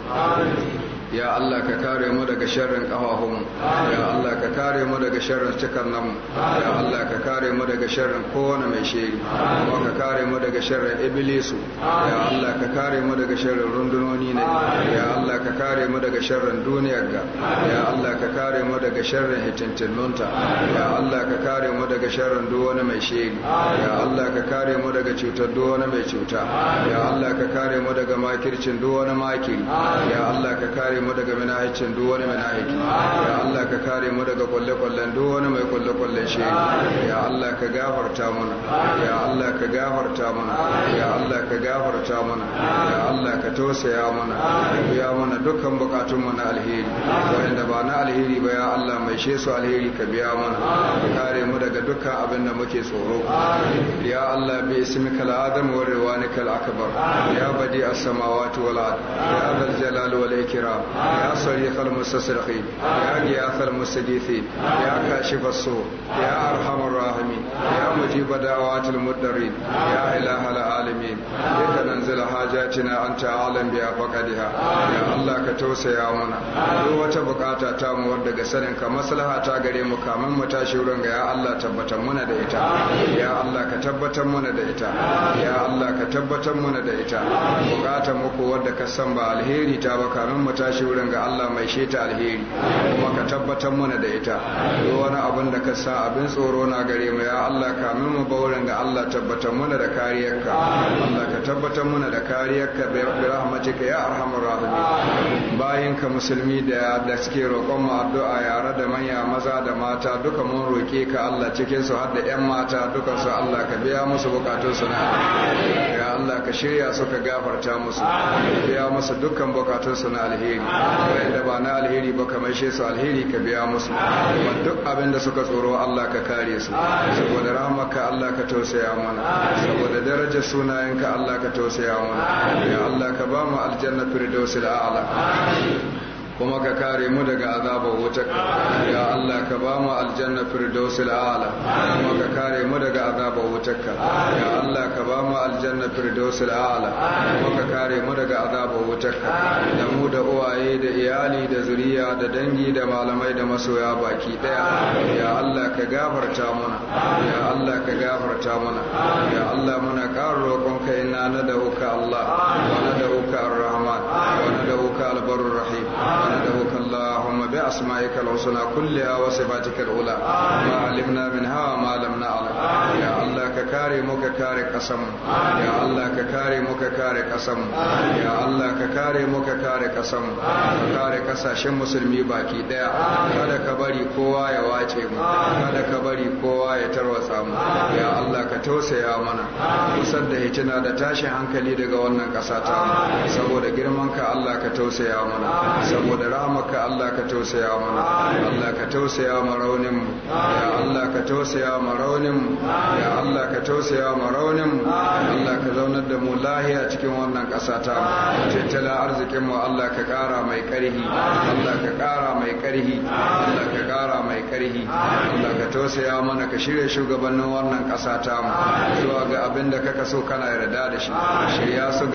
ya Allah ka kare mu daga sharrin kafafun ya Allah ka kare mu daga sharrin cikar cikannan ya Allah ka kare mu daga sharrin kowane mai shiri kuma ka kare mu daga sharrin ibilisu. ya Allah ka kare mu daga sharrin rundunoni ne ya Allah ka kare mu daga sharrin duniyar ga ya Allah ka kare mu daga sharrin hitintinnunta ya Allah ka kare mu daga sharrin duk wani mai shiri ya Allah ka kare mu daga cutar duk wani mai cuta ya Allah ka kare mu daga makircin duk wani makiri ya Allah ka kare mu daga mana'aicin duk wani mana'aiki ya Allah ka kare mu daga kwalle-kwallen duk wani mai kwalle-kwallen shi ya Allah ka gafarta mana ya Allah ka gafarta mana ya Allah ka gafarta mana ya Allah ka tausaya mana ya mana dukkan bukatun mu na alheri wanda ba na alheri ba ya Allah mai she su alheri ka biya mana ka kare mu daga dukkan abin da muke tsoro ya Allah bi ismikal adam wa riwanikal akbar ya badi as-samawati wal ard ya dhal jalali wal يا صريخ المستصرخين يا غياث المستجيثين يا كاشف السوء يا أرحم الراحمين يا مجيب دعوات المضطرين يا إله العالمين لتنزل حاجاتنا أنت أعلم بأفقدها يا الله كتوسع منا duk wata bukata ta mu wadda ga sanin ka maslaha ta gare mu kamin mu tashi wurin ga ya Allah tabbatar muna da ita ya Allah ka tabbatar muna da ita ya Allah ka tabbatar muna da ita bukatar mu ko wadda ka san ba alheri ta ba kamin mu tashi tashi wurin ga Allah mai sheta alheri kuma ka tabbatar mana da ita duk wani abin da ka sa abin tsoro na gare mu ya Allah kamin mu ba wurin ga Allah tabbatar mana da kariyarka Allah ka tabbatar mana da kariyarka bi rahmatika ya arhamar rahimin bayan ka musulmi da da suke roƙon mu addu'a yare da manya maza da mata duka mun roke ka Allah cikin su har da ƴan mata duka su Allah ka biya musu bukatun su na Allah ka shirya su ka gafarta musu biya musu dukkan bukatunsu na alheri wanda ba na alheri ba ka maishe su alheri ka biya musu kuma duk abin da suka tsoro Allah ka kare su saboda rahmaka Allah ka tausaya mana saboda darajar sunayenka Allah ka tausaya mana ya Allah ka ba mu aljanna firdausil a'la kuma ka kare mu daga azabar wutar ya Allah ka ba mu aljanna firdausil a'la kuma ka kare mu daga azabar wutar ya Allah ka ba mu aljanna firdausil a'la kuma ka kare mu daga azabar wutar da mu da uwaye da iyali da zuriya da dangi da malamai da masoya baki daya ya Allah ka gafarta mana ya Allah ka gafarta mana ya Allah muna ƙara roƙon kai na da uka Allah wa na da uka ar-Rahman wa na da uka al-Barr rahim بأسمائك الحسنى كلها وصفاتك الأولى ما علمنا منها وما لم kare mu ka kare kasanmu ya Allah ka kare mu ka kare kasanmu ya Allah ka kare mu ka kare kasanmu ka kare kasashen musulmi baki daya kada ka bari kowa ya wace mu kada ka bari kowa ya tarwatsa mu ya Allah ka tausaya mana kusan da hitina da tashin hankali daga wannan kasa ta saboda girman ka Allah ka tausaya mana saboda rahmaka Allah ka tausaya mana Allah ka tausaya mu raunin mu ya Allah ka tausaya mu raunin mu ya Allah ka tausaya ma raunin mu Allah ka zaunar da mu lahiya cikin wannan ƙasa ta tattala arzikin mu Allah ka ƙara mai ƙarhi Allah ka ƙara mai ƙarhi Allah ka ƙara mai ƙarhi Allah ka
tausaya mana ka shirya shugabannin wannan ƙasa ta mu zuwa ga abin da kaka so kana yarda da shi shirya su